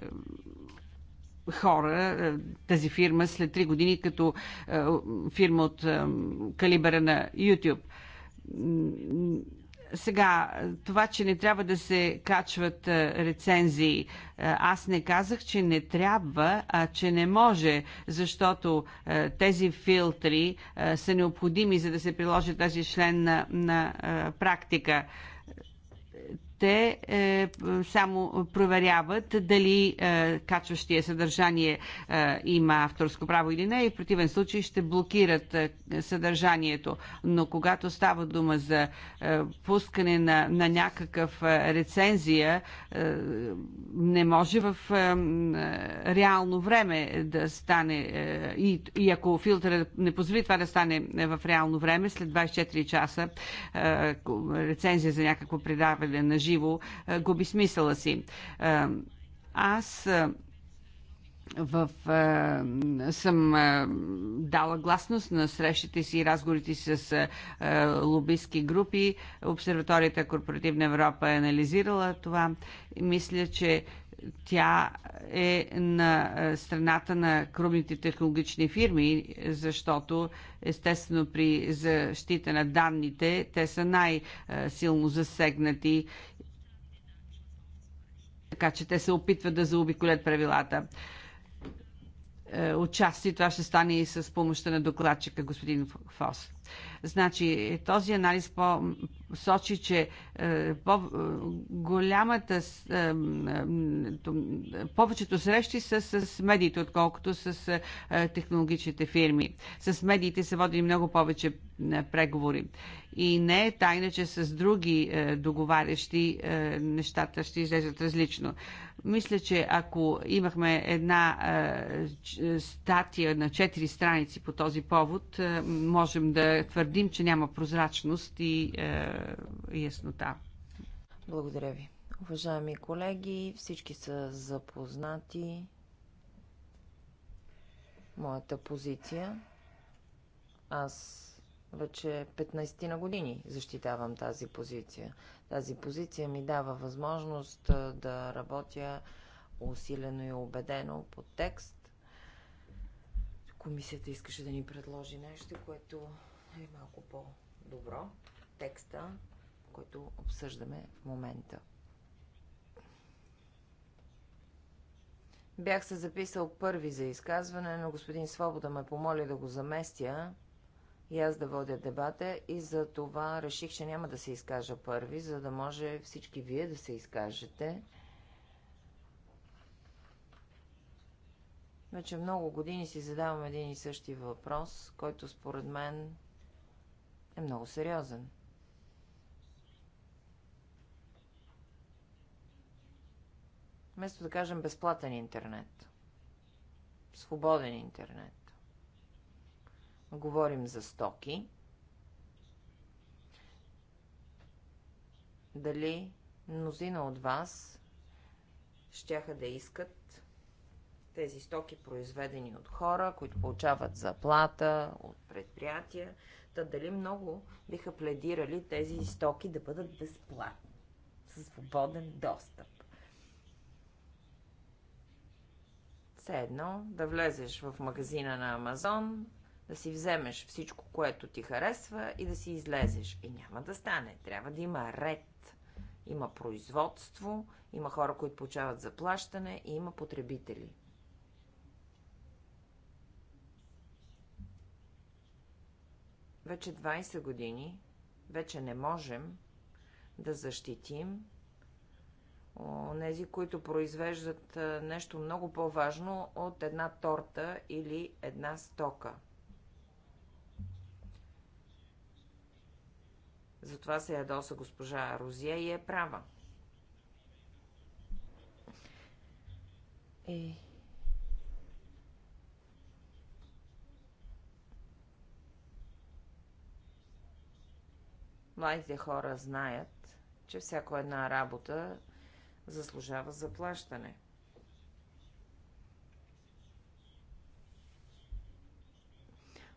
хора е, тази фирма след 3 години като е, фирма от е, калибъра на YouTube. Сега, това, че не трябва да се качват рецензии, аз не казах, че не трябва, а че не може, защото тези филтри са необходими, за да се приложи тази член на, на практика те е, само проверяват дали е, качващия съдържание е, има авторско право или не и в противен случай ще блокират е, съдържанието. Но когато става дума за е, пускане на, на някакъв е, рецензия, е, не може в е, е реално време да стане е, и, и ако филтъра не позволи това да стане е, в реално време, след 24 часа е, рецензия за някакво предаване на жизнь, живо губи смисъла си. Аз в, е, съм е, дала гласност на срещите си и разговорите си с е, лобистки групи. Обсерваторията Корпоративна Европа е анализирала това. Мисля, че тя е на е, страната на крупните технологични фирми, защото естествено при защита на данните те са най-силно засегнати така че те се опитват да заобиколят правилата. Отчасти е, това ще стане и с помощта на докладчика господин Фос. Значи този анализ по сочи, че е, по-голямата, е, е, повечето срещи са с медиите, отколкото с технологичните фирми. С медиите се водени много повече преговори. И не е тайна, че с други договарящи нещата ще излезат различно. Мисля, че ако имахме една статия на четири страници по този повод, можем да твърдим, че няма прозрачност и е, яснота. Благодаря ви. Уважаеми колеги, всички са запознати моята позиция. Аз вече 15 на години защитавам тази позиция. Тази позиция ми дава възможност е, да работя усилено и убедено по текст. Комисията искаше да ни предложи нещо, което е малко по-добро. Текста, който обсъждаме в момента. Бях се записал първи за изказване, но господин Свобода ме помоли да го заместя и аз да водя дебата и за това реших, че няма да се изкажа първи, за да може всички вие да се изкажете. Вече много години си задавам един и същи въпрос, който според мен е много сериозен. Вместо да кажем безплатен интернет, свободен интернет, говорим за стоки, дали мнозина от вас щяха да искат тези стоки, произведени от хора, които получават заплата от предприятия, Та дали много биха пледирали тези стоки да бъдат безплатни, със свободен достъп? Все едно да влезеш в магазина на Амазон, да си вземеш всичко, което ти харесва и да си излезеш. И няма да стане. Трябва да има ред. Има производство, има хора, които получават заплащане и има потребители. Вече 20 години вече не можем да защитим тези, които произвеждат нещо много по-важно от една торта или една стока. Затова се ядоса госпожа Розия и е права. И Младите хора знаят, че всяко една работа заслужава заплащане.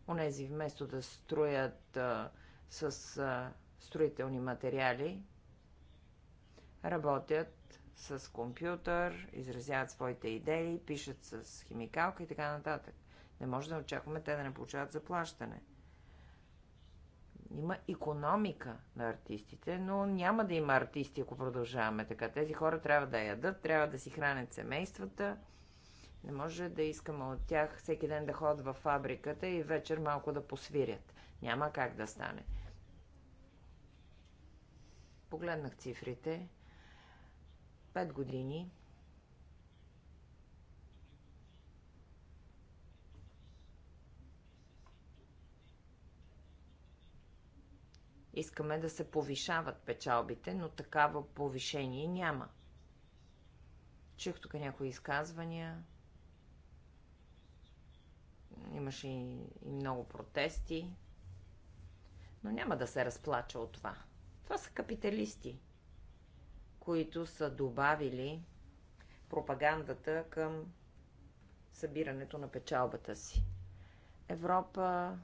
Онези вместо да строят а, с а, строителни материали, работят с компютър, изразяват своите идеи, пишат с химикалка и така нататък. Не може да очакваме те да не получават заплащане – има економика на артистите, но няма да има артисти, ако продължаваме така. Тези хора трябва да ядат, трябва да си хранят семействата. Не може да искаме от тях всеки ден да ходят във фабриката и вечер малко да посвирят. Няма как да стане. Погледнах цифрите. Пет години Искаме да се повишават печалбите, но такава повишение няма. Чух тук някои изказвания. Имаше и много протести. Но няма да се разплача от това. Това са капиталисти, които са добавили пропагандата към събирането на печалбата си. Европа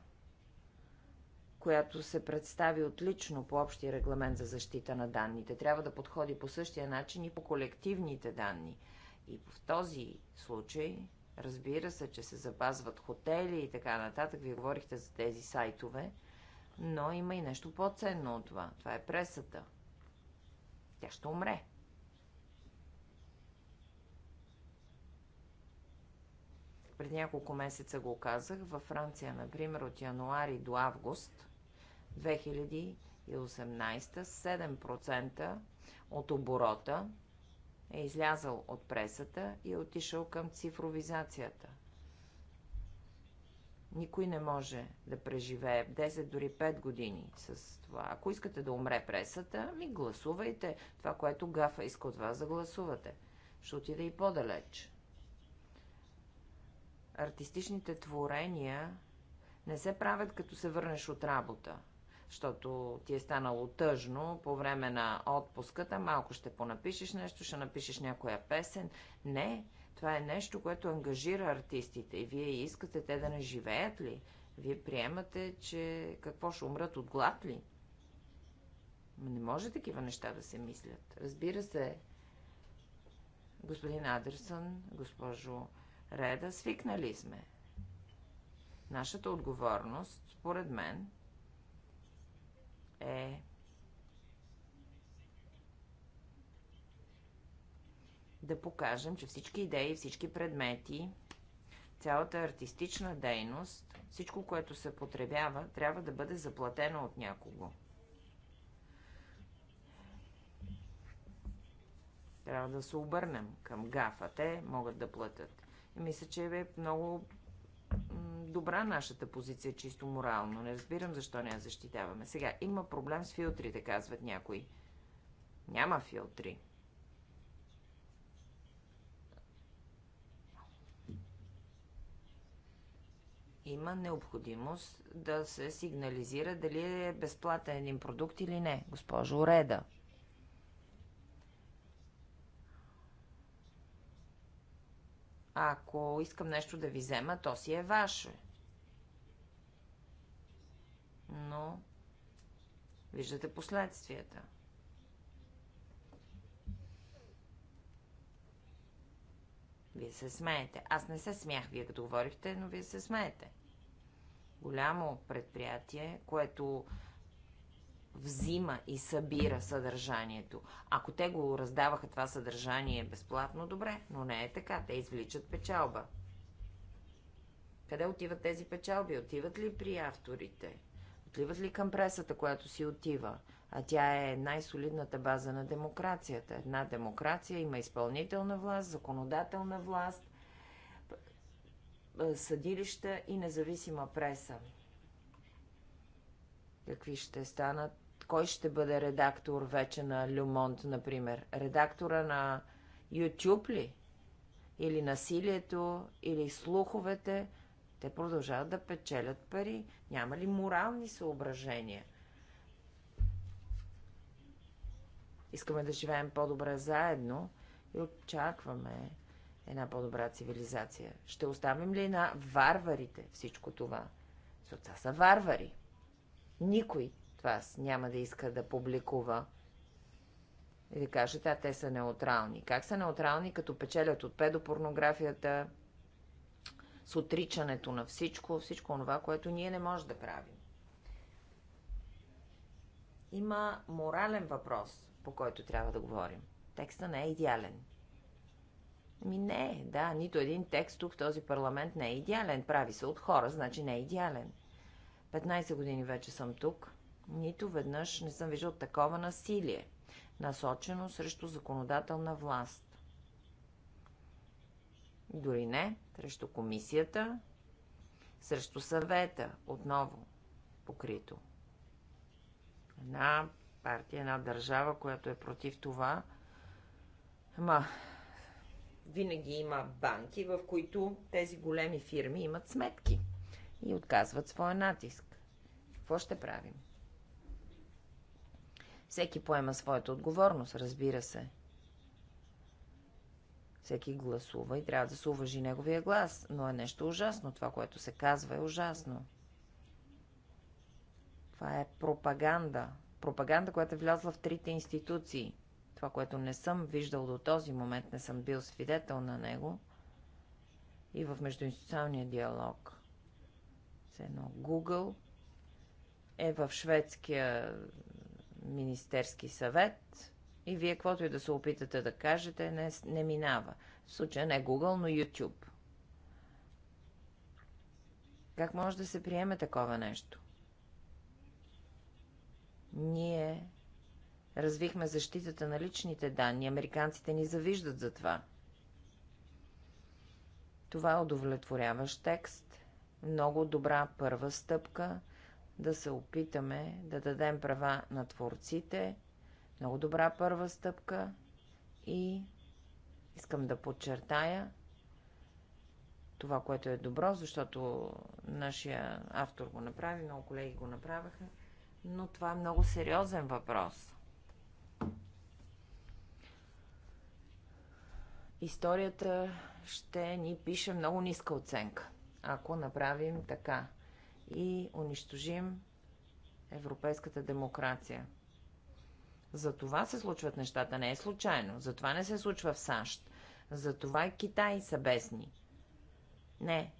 която се представи отлично по общия регламент за защита на данните. Трябва да подходи по същия начин и по колективните данни. И в този случай, разбира се, че се запазват хотели и така нататък. Вие говорихте за тези сайтове, но има и нещо по-ценно от това. Това е пресата. Тя ще умре. Пред няколко месеца го казах. Във Франция, например, от януари до август – 2018 7% от оборота е излязъл от пресата и е отишъл към цифровизацията. Никой не може да преживее 10 дори 5 години с това. Ако искате да умре пресата, ми гласувайте това, което Гафа иска от вас да гласувате. Ще отида и по-далеч. Артистичните творения не се правят като се върнеш от работа – защото ти е станало тъжно по време на отпуската, малко ще понапишеш нещо, ще напишеш някоя песен. Не, това е нещо, което ангажира артистите и вие искате те да не живеят ли? Вие приемате, че какво ще умрат от глад ли? Не може такива неща да се мислят. Разбира се, господин Адерсън, госпожо Реда, свикнали сме. Нашата отговорност, според мен, é е да покажем, че всички идеи, всички предмети, цялата артистична дейност, всичко, което се потребява, трябва да бъде заплатено от някого. Трябва да се обърнем към гафа. Те могат да платят. И мисля, че е много добра нашата позиция, чисто морално. Не разбирам защо не я защитаваме. Сега, има проблем с филтрите, казват някои. Няма филтри. Има необходимост да се сигнализира дали е безплатен един продукт или не, госпожо Реда. Ако искам нещо да ви взема, то си е ваше. Но виждате последствията. Вие се смеете. Аз не се смях, вие като говорихте, но вие се смеете. Голямо предприятие, което взима и събира съдържанието. Ако те го раздаваха това съдържание безплатно, добре, но не е така. Те извличат печалба. Къде отиват тези печалби? Отиват ли при авторите? Отиват ли към пресата, която си отива? А тя е най-солидната база на демокрацията. Една демокрация има изпълнителна власт, законодателна власт, съдилища и независима преса. Какви ще станат? Кой ще бъде редактор вече на Люмонт, например? Редактора на YouTube ли? Или насилието, или слуховете? Те продължават да печелят пари. Няма ли морални съображения? Искаме да живеем по-добре заедно и очакваме една по-добра цивилизация. Ще оставим ли на варварите всичко това? Защото са варвари. Никой това няма да иска да публикува и да кажете, а те са неутрални. Как са неутрални, като печелят от педопорнографията, с отричането на всичко, всичко това, което ние не можем да правим. Има морален въпрос, по който трябва да говорим. Текста не е идеален. Ми не, да, нито един текст тук в този парламент не е идеален. Прави се от хора, значи не е идеален. 15 години вече съм тук. Нито веднъж не съм виждал такова насилие, насочено срещу законодателна власт. Дори не, срещу комисията, срещу съвета, отново покрито. Една партия, една държава, която е против това, ама винаги има банки, в които тези големи фирми имат сметки и отказват своя натиск. Какво ще правим? Всеки поема своята отговорност, разбира се. Всеки гласува и трябва да се уважи неговия глас, но е нещо ужасно. Това, което се казва, е ужасно. Това е пропаганда. Пропаганда, която е влязла в трите институции. Това, което не съм виждал до този момент, не съм бил свидетел на него. И в междуинституционния диалог – все едно Google е в шведския Министерски съвет и вие каквото и да се опитате да кажете, не, не минава. В случая не Google, но YouTube. Как може да се приеме такова нещо? Ние развихме защитата на личните данни. Американците ни завиждат за това. Това е удовлетворяващ текст много добра първа стъпка да се опитаме да дадем права на творците. Много добра първа стъпка и искам да подчертая това, което е добро, защото нашия автор го направи, много колеги го направиха, но това е много сериозен въпрос. Историята ще ни пише много ниска оценка ако направим така и унищожим европейската демокрация. За това се случват нещата, не е случайно. За това не се случва в САЩ. За това и Китай са бесни. Не.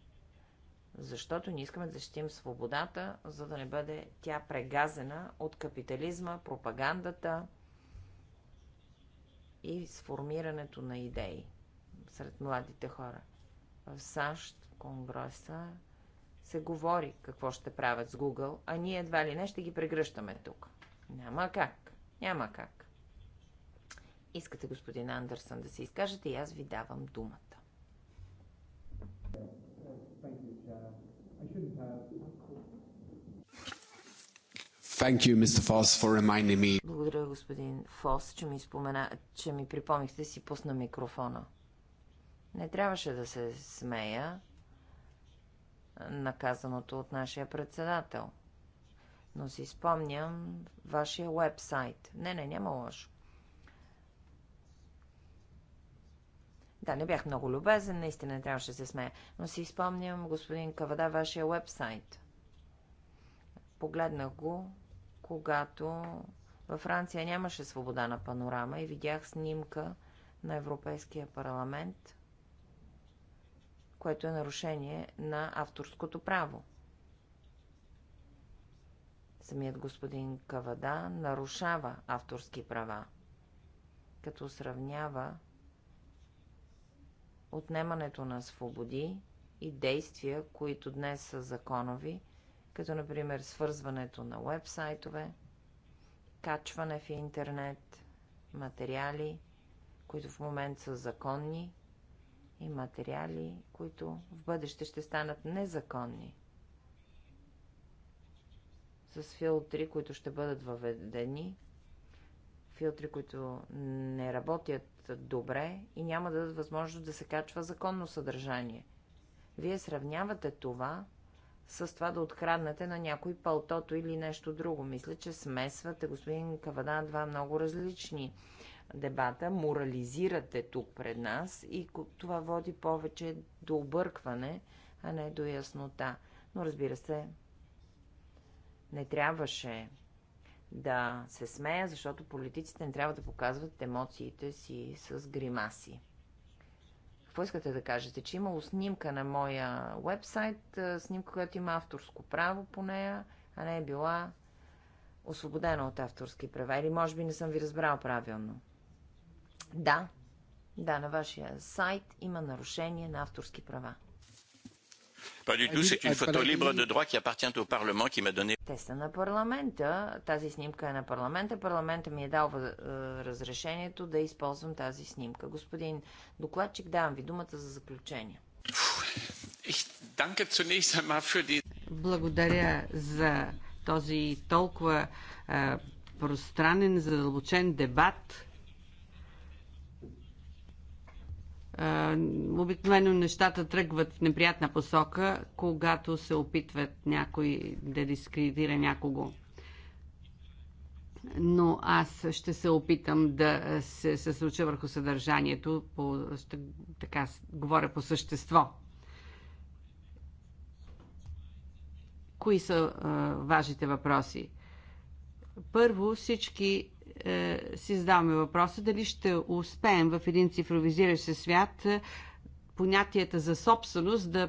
Защото ние искаме да защитим свободата, за да не бъде тя прегазена от капитализма, пропагандата и сформирането на идеи сред младите хора в САЩ, Конгреса, се говори какво ще правят с Google, а ние едва ли не ще ги прегръщаме тук. Няма как. Няма как. Искате, господин Андерсън, да се изкажете и аз ви давам думата. Thank you, Mr. Foss, for reminding me. Благодаря, господин Фос, че ми, спомена, че ми припомнихте да си пусна микрофона. Не трябваше да се смея наказаното от нашия председател. Но си спомням вашия вебсайт. Не, не, няма лошо. Да, не бях много любезен, наистина не трябваше да се смея. Но си спомням, господин Кавада, вашия вебсайт. Погледнах го, когато във Франция нямаше свобода на панорама и видях снимка на Европейския парламент – което е нарушение на авторското право. Самият господин Кавада нарушава авторски права, като сравнява отнемането на свободи и действия, които днес са законови, като например свързването на уебсайтове, качване в интернет, материали, които в момент са законни, и материали, които в бъдеще ще станат незаконни. С филтри, които ще бъдат въведени, филтри, които не работят добре и няма да дадат възможност да се качва законно съдържание. Вие сравнявате това с това да откраднете на някой пълтото или нещо друго. Мисля, че смесвате, господин Кавадан, два много различни дебата, морализирате тук пред нас и това води повече до объркване, а не до яснота. Но разбира се, не трябваше да се смея, защото политиците не трябва да показват емоциите си с гримаси. Какво искате да кажете? Че имало снимка на моя вебсайт, снимка, която има авторско право по нея, а не е била освободена от авторски права. Или може би не съм ви разбрал правилно. Да, да, на вашия сайт има нарушение на авторски права. Те са на парламента. Тази снимка е на парламента. Парламента ми е дал е, разрешението да използвам тази снимка. Господин докладчик, давам ви думата за заключение. Благодаря за този толкова е, пространен, задълбочен дебат Обикновено нещата тръгват в неприятна посока, когато се опитват някой да дискредитира някого. Но аз ще се опитам да се съсуча върху съдържанието, по, така говоря по същество. Кои са а, важните въпроси? Първо, всички е, си задаваме въпроса дали ще успеем в един цифровизиращ се свят е, понятията за собственост да,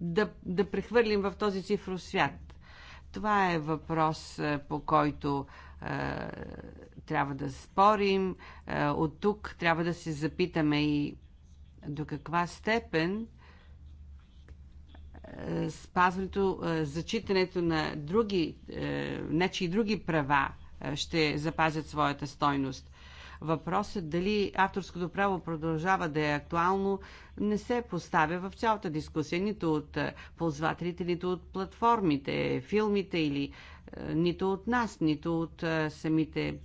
да, да прехвърлим в този цифров свят. Това е въпрос, е, по който е, трябва да спорим. Е, от тук трябва да се запитаме и до каква степен е, спазването, е, зачитането на други, е, нечи и други права е, ще запазят своята стойност. Въпросът дали авторското право продължава да е актуално не се поставя в цялата дискусия нито от е, ползвателите, нито от платформите, филмите или е, нито от нас, нито от самите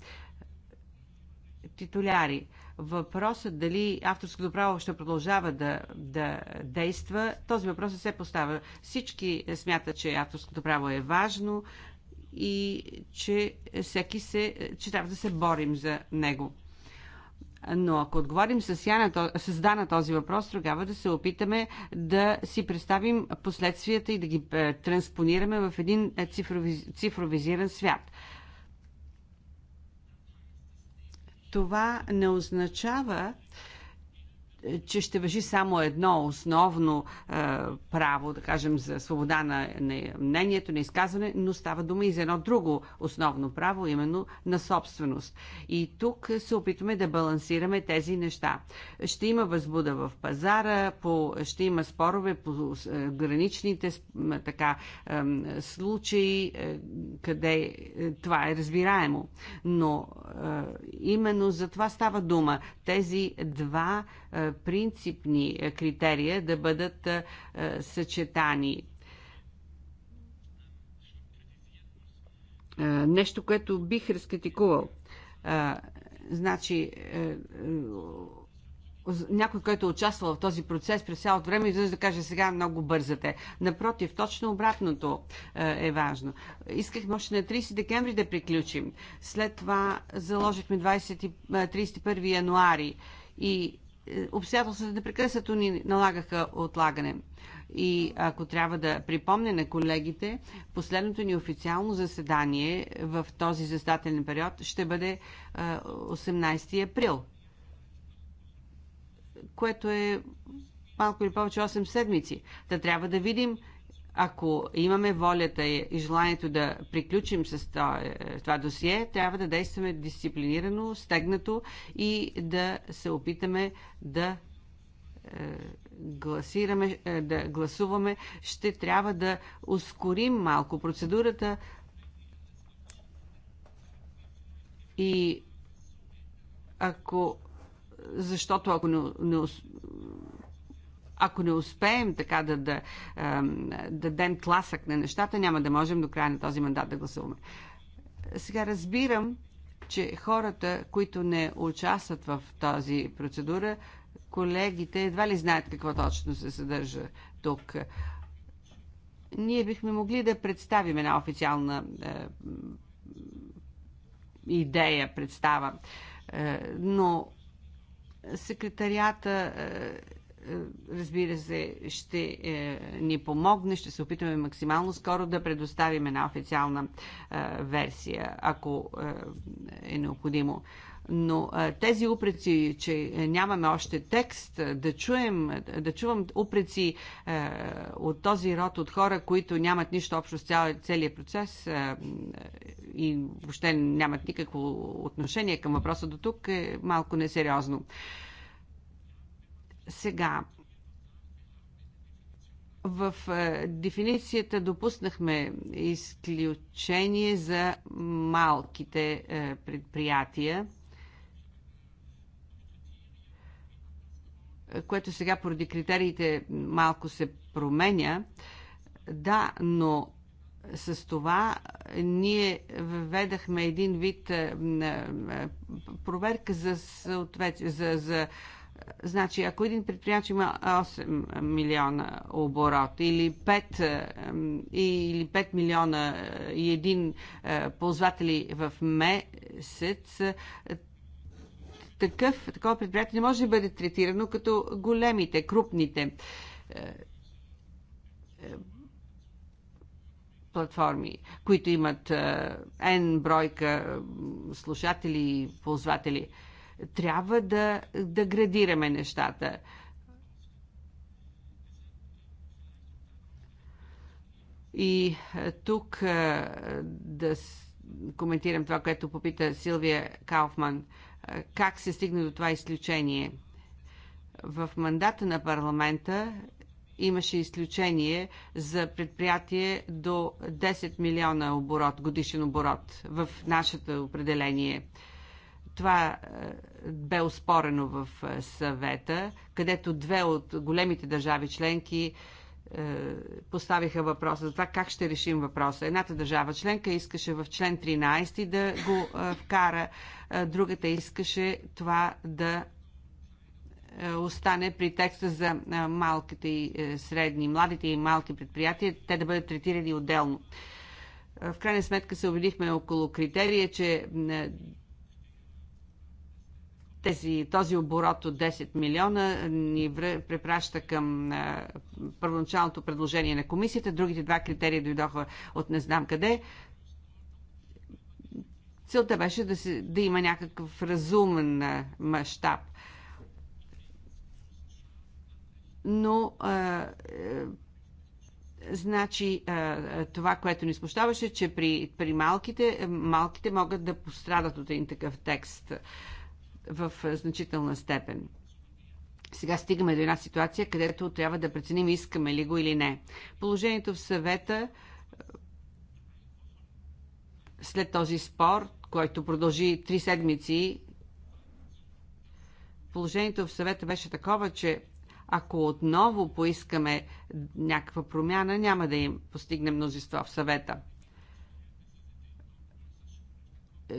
титуляри. Въпросът дали авторското право ще продължава да, да действа, този въпрос не се поставя. Всички смятат, че авторското право е важно, и че, всеки се, че трябва да се борим за него. Но ако отговорим с, Яна, с да на този въпрос, тогава да се опитаме да си представим последствията и да ги е, транспонираме в един е, цифровиз, цифровизиран свят. Това не означава, че ще въжи само едно основно е, право, да кажем, за свобода на, на мнението, на изказване, но става дума и за едно друго основно право, именно на собственост. И тук се опитваме да балансираме тези неща. Ще има възбуда в пазара, по, ще има спорове по е, граничните така, е, случаи, е, къде е, това е разбираемо. Но е, именно за това става дума. Тези два е, принципни е, критерия да бъдат е, е, съчетани. Нещо, което бих разкритикувал. Значи, някой, който е участвал в този процес през цялото време, излиза да каже сега много бързате. Напротив, точно обратното е важно. Искахме още на 30 декември да приключим. След това заложихме 20, 31 януари и обстоятелствата непрекъснато ни налагаха отлагане. И ако трябва да припомня на колегите, последното ни официално заседание в този застателен период ще бъде 18 април, което е малко или повече 8 седмици. Та трябва да видим ако имаме волята и желанието да приключим с е, това досие, трябва да действаме дисциплинирано, стегнато и да се опитаме да е, гласираме, е, да гласуваме. Ще трябва да ускорим малко процедурата и ако защото ако не, не, ако не успеем така да, да, да дадем тласък на нещата, няма да можем до края на този мандат да гласуваме. Сега разбирам, че хората, които не участват в тази процедура, колегите едва ли знаят какво точно се съдържа тук. Ние бихме могли да представим една официална е, идея, представа, е, но секретарията е, разбира се, ще е, ни помогне. Ще се опитаме максимално скоро да предоставим една официална е, версия, ако е, е необходимо. Но тези упреци, че нямаме още текст, да, чуем, да чувам упреци е, от този род, от хора, които нямат нищо общо с цял, целият процес е, и въобще нямат никакво отношение към въпроса до тук, е малко несериозно. Е, сега, в е, дефиницията допуснахме изключение за малките е, предприятия, което сега поради критериите малко се променя. Да, но с това ние въведахме един вид е, проверка за, за, за Значи, ако един предприятие има 8 милиона оборот или 5, е, или 5 милиона е, и един е, ползватели в месец, такъв, такова предприятие не може да бъде третирано като големите, крупните платформи, които имат N бройка слушатели и ползватели. Трябва да, да градираме нещата. И е, тук е, да коментирам това, което попита Силвия Кауфман. Е, как се стигна до това изключение? В мандата на парламента имаше изключение за предприятие до 10 милиона оборот, годишен оборот в нашето определение – това е, бе успорено в е, съвета, където две от големите държави членки е, поставиха въпроса за това как ще решим въпроса. Едната държава членка искаше в член 13 да го вкара, другата искаше това да остане при текста за малките и средни, младите и малки предприятия, те да бъдат третирани отделно. В крайна сметка се убедихме около критерия, че тези, този оборот от 10 милиона ни препраща към първоначалното предложение на комисията. Другите два критерия дойдоха от не знам къде. Целта беше да, се, да има някакъв разумен мащаб. Но а, е, Значи, това, което ни смущаваше, че при, при малките, малките могат да пострадат от един такъв текст в е, значителна степен. Сега стигаме до една ситуация, където трябва да преценим искаме ли го или не. Положението в съвета е, след този спор, който продължи три седмици, положението в съвета беше такова, че ако отново поискаме някаква промяна, няма да им постигне мнозинство в съвета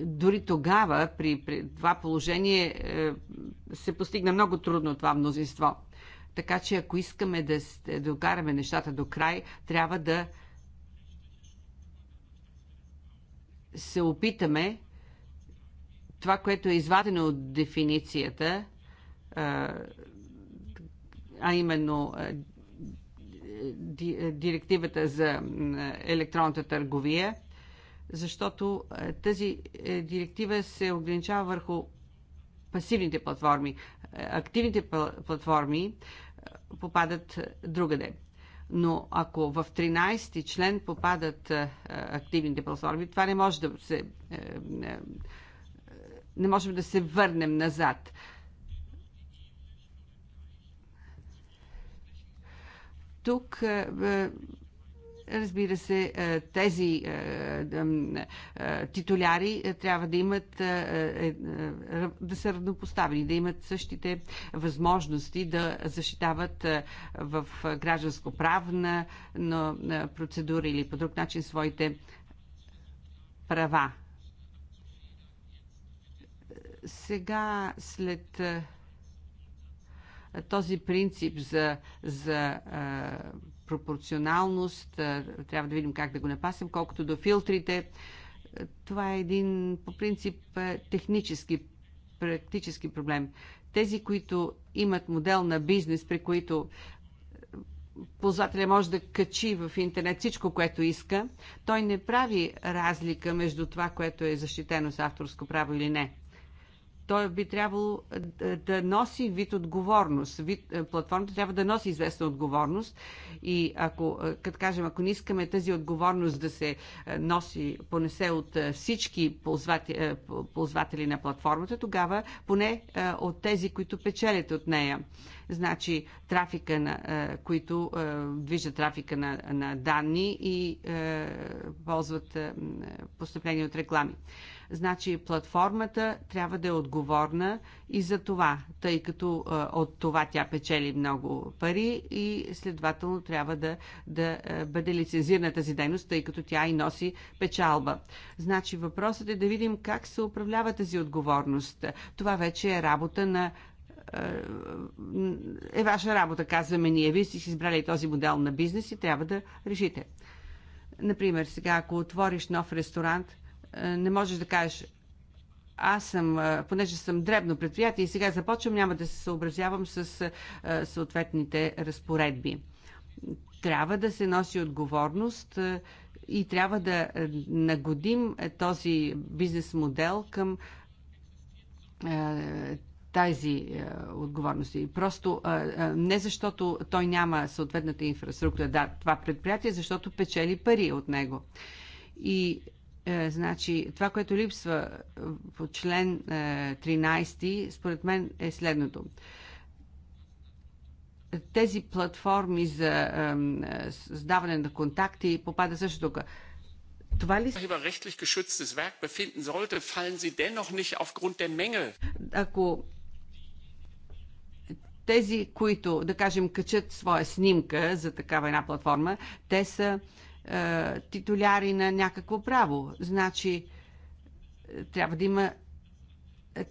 дори тогава, при, при това положение, е, се постигна много трудно това мнозинство. Така че, ако искаме да докараме нещата до край, трябва да се опитаме това, което е извадено от дефиницията, е, а именно е, директивата за електронната търговия – защото е, тази е, директива се ограничава върху пасивните платформи. Е, активните платформи попадат другаде. Но ако в 13-ти член попадат активните платформи, това не може да се. Не можем да се върнем назад. Тук Разбира се, е, тези е, е, титуляри трябва да имат да са равнопоставени, да имат същите възможности да защитават в гражданско-правна процедура или по друг начин своите права. Сега след този принцип за, за пропорционалност, трябва да видим как да го напасим, колкото до филтрите. Това е един по принцип технически, практически проблем. Тези, които имат модел на бизнес, при които ползвателя може да качи в интернет всичко, което иска, той не прави разлика между това, което е защитено с авторско право или не той би трябвало е, да носи вид отговорност. Вид, е, платформата трябва да носи известна отговорност и ако, е, като кажем, ако не искаме тази отговорност да се носи, понесе от всички ползватели, ползватели на платформата, тогава поне от тези, които печелят от нея. Значи трафика, на, които движат трафика на, на данни и ползват постъпление от реклами. Значи платформата трябва да е отговорна и за това, тъй като от това тя печели много пари и следователно трябва да, да бъде лицензирана тази дейност, тъй като тя и носи печалба. Значи въпросът е да видим как се управлява тази отговорност. Това вече е работа на е ваша работа, казваме ние. Вие сте си избрали този модел на бизнес и трябва да решите. Например, сега, ако отвориш нов ресторант, е, не можеш да кажеш аз съм, е, понеже съм дребно предприятие и сега започвам, няма да се съобразявам с е, съответните разпоредби. Трябва да се носи отговорност и трябва да нагодим този бизнес модел към тази е, отговорност. И просто е, е, не защото той няма съответната инфраструктура, да, това предприятие, защото печели пари от него. И е, значи, това, което липсва е, по член 13, е, според мен е следното. Тези платформи за сдаване на контакти попада също тук. Това ли... Ако тези, които, да кажем, качат своя снимка за такава една платформа, те са е, титуляри на някакво право. Значи, е, трябва да има.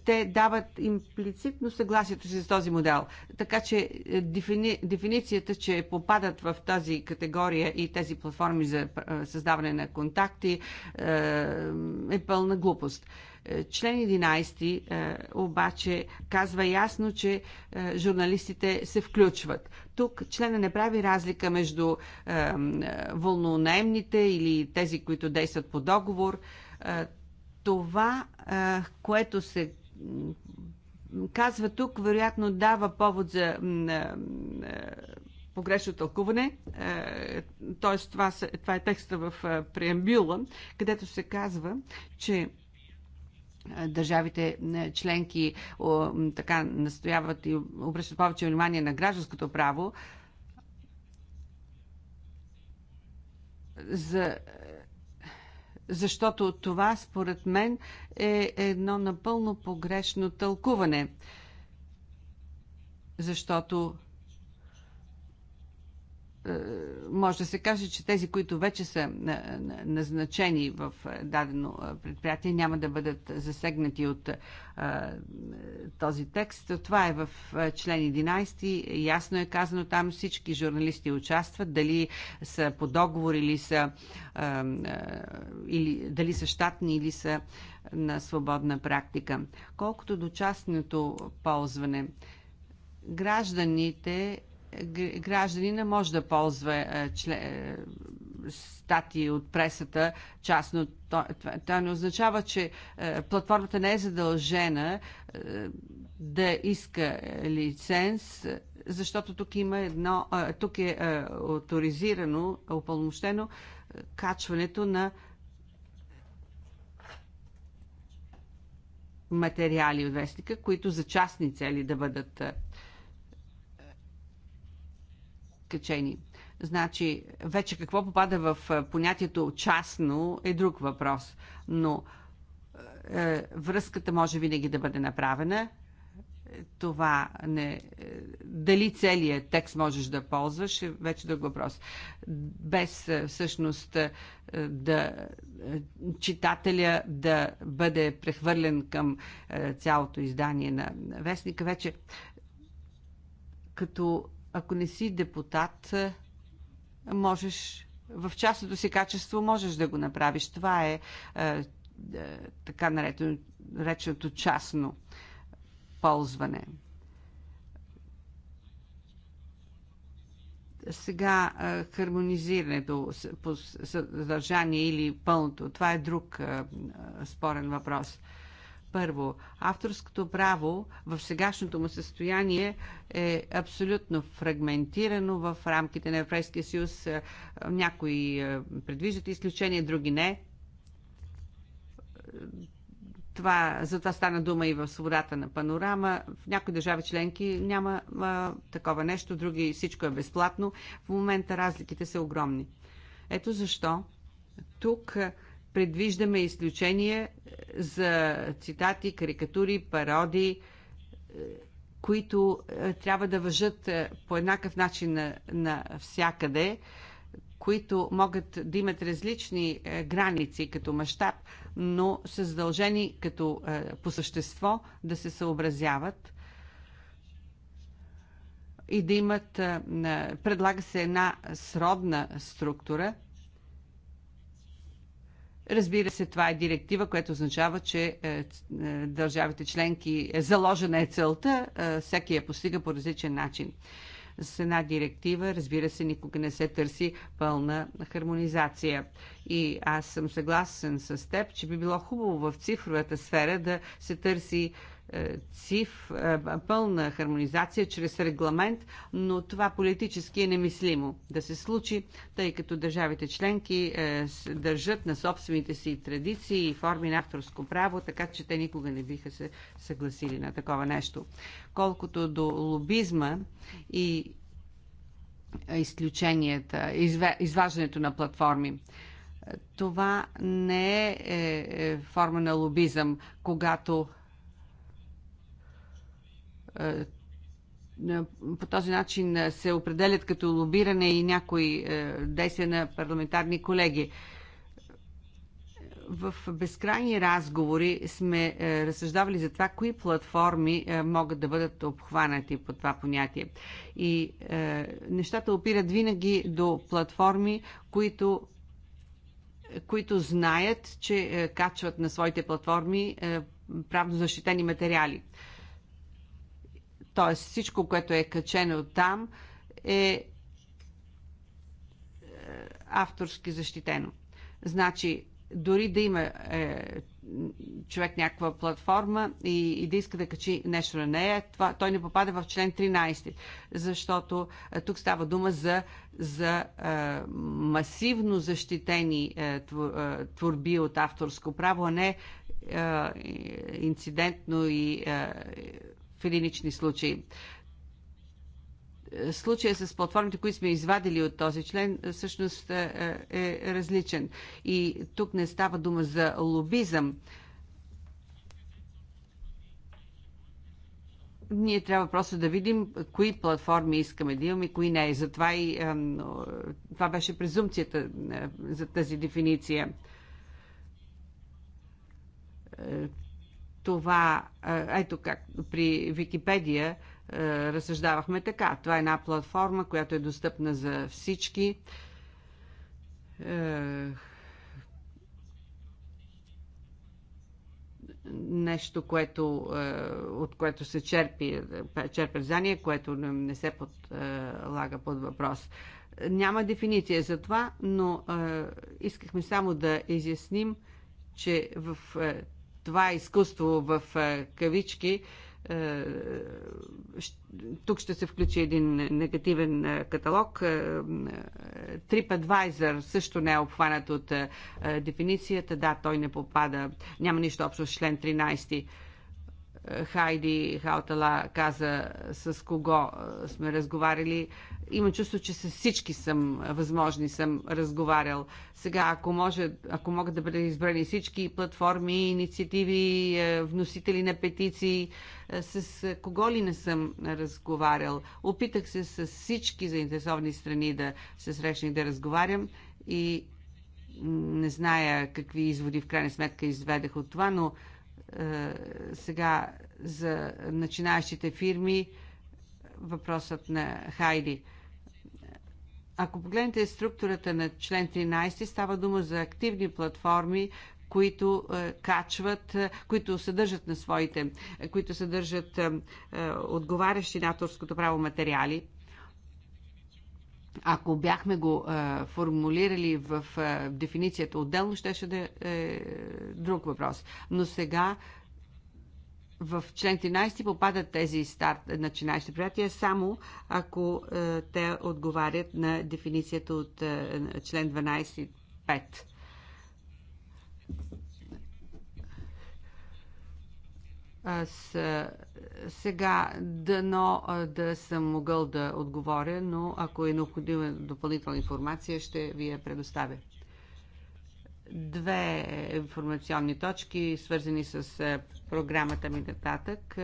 Те дават имплицитно съгласието си с този модел. Така че е, дефини... дефиницията, че попадат в тази категория и тези платформи за създаване на контакти е пълна глупост. Е, член 11 е, обаче казва ясно, че е, журналистите се включват. Тук члена не прави разлика между вълнонаемните или тези, които действат по договор. Това, което се казва тук, вероятно дава повод за погрешно тълкуване, Тоест, това е текста в преамбюла, където се казва, че е, държавите е, членки така настояват и обръщат повече внимание на гражданското право, за, е, защото това, според мен, е едно напълно погрешно тълкуване. Защото е, може да се каже, че тези, които вече са назначени в дадено е, предприятие, няма да бъдат засегнати от е, този текст. Това е в член 11. Ясно е казано там всички журналисти участват, дали са по договор или са, или, дали са щатни или са на свободна практика. Колкото до частното ползване, гражданите гражданина може да ползва е, е, статии от пресата частно. Това не означава, че е, платформата не е задължена да иска лиценз, защото тук има едно, тук е авторизирано, упълномощено качването на материали от вестника, които за частни цели да бъдат качени. Значи, вече какво попада в е, понятието частно е друг въпрос, но е, връзката може винаги да бъде направена. Това не. Е, дали целият текст можеш да ползваш е вече друг въпрос. Без е, всъщност да читателя да бъде прехвърлен към цялото издание на вестника, вече като ако не си депутат, можеш, в частното си качество можеш да го направиш. Това е, е, е така нареченото частно ползване. Сега е, хармонизирането по съдържание или пълното, това е друг е, спорен въпрос. Първо, авторското право в сегашното му състояние е абсолютно фрагментирано в рамките на Европейския съюз. Е, някои е, предвиждат изключения, други не. Това, за това стана дума и в свободата на панорама. В някои държави членки няма а, е, такова нещо, други всичко е безплатно. В момента разликите са огромни. Ето защо тук предвиждаме изключения е, за цитати, карикатури, пародии, е, които е, трябва да въжат по еднакъв начин на, на всякъде, които могат да имат различни граници като мащаб, но са задължени като по същество да се съобразяват и да имат. Предлага се една сродна структура – Разбира се, това е директива, което означава, че е, е, държавите членки е, заложена е целта, всеки я постига по различен начин. С една директива, разбира се, никога не се търси пълна хармонизация. И аз съм съгласен с теб, че би било хубаво в цифровата сфера да се търси е, циф, е, пълна хармонизация чрез регламент, но това политически е немислимо да се случи, тъй като държавите членки е, държат на собствените си традиции и форми на авторско право, така че те никога не биха се съгласили на такова нещо. Колкото до лобизма и изключенията, изваждането на платформи това не е, форма на лобизъм, когато е, по този начин се определят като лобиране и някои е, действия на парламентарни колеги. В безкрайни разговори сме е, разсъждавали за това, кои платформи могат да бъдат обхванати по това понятие. И нещата опират винаги до платформи, които които знаят, че качват на своите платформи правно защитени материали. Т.е. всичко, което е качено там е, е авторски защитено. Значи, дори да има е, човек някаква платформа и, и да иска да качи нещо на нея, това, той не попада в член 13, защото е, тук става дума за, за е, масивно защитени е, е творби от авторско право, а не е, инцидентно и е, в единични случаи. Е, случая с платформите, които сме извадили от този член, е, всъщност е, е различен. И тук не става дума за лобизъм. ние трябва просто да видим кои платформи искаме да имаме, и кои не. Затова и това беше презумцията за тази дефиниция това, ето как при Википедия разсъждавахме така. Това е една платформа, която е достъпна за всички. Нещо, което, от което се черпи, черпи знание, което не се подлага под въпрос. Няма дефиниция за това, но искахме само да изясним, че в това изкуство в е, кавички, е, тук ще се включи един негативен е, каталог. TripAdvisor също не е обхванат от дефиницията. Да, той не попада. Няма нищо общо с член 13. Хайди Халтала каза с кого сме разговаряли. Има чувство, че с всички съм възможни съм разговарял. Сега, ако, може, ако могат да бъдат избрани всички платформи, инициативи, вносители на петиции, с кого ли не съм разговарял. Опитах се с всички заинтересовани страни да се срещна и да разговарям и не зная какви изводи в крайна сметка изведех от това, но е, сега за начинаещите фирми е, въпросът на Хайди. Ако погледнете структурата на член 13, става дума за активни платформи, които е, качват, е, които съдържат на своите, е, които съдържат е, е отговарящи на авторското право материали. Ако бяхме го е, формулирали в е, дефиницията отделно, щеше да е друг въпрос. Но сега в член 13 попадат тези старт начинаещи приятия, само ако е, те отговарят на дефиницията от е, член 12.5. Аз сега дано да съм могъл да отговоря, но ако е необходима допълнителна информация, ще ви я предоставя. Две информационни точки, свързани с програмата ми нататък,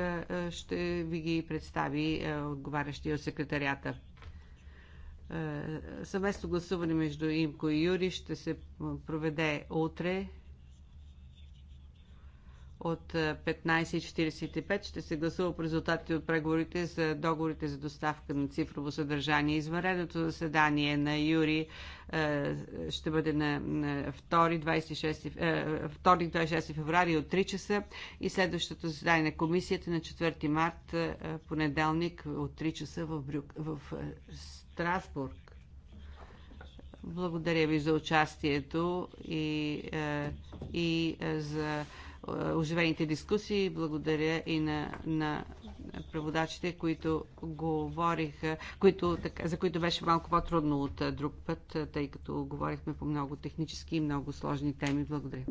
ще ви ги представи отговарящия от секретарията. Съвместно гласуване между Имко и Юри ще се проведе утре от 15.45 е, ще се гласува по резултатите от преговорите за договорите за доставка на цифрово съдържание. Извънредното заседание на Юри е, ще бъде на 2-26 е, феврари от 3 часа и следващото заседание на комисията на 4 март понеделник от 3 часа в, Брюк, в Страсбург. Благодаря ви за участието и, и за е, оживените дискусии. Благодаря и на, на преводачите, които говориха, които, така, за които беше малко по-трудно от е, друг път, е, тъй като говорихме по много технически и много сложни теми. Благодаря.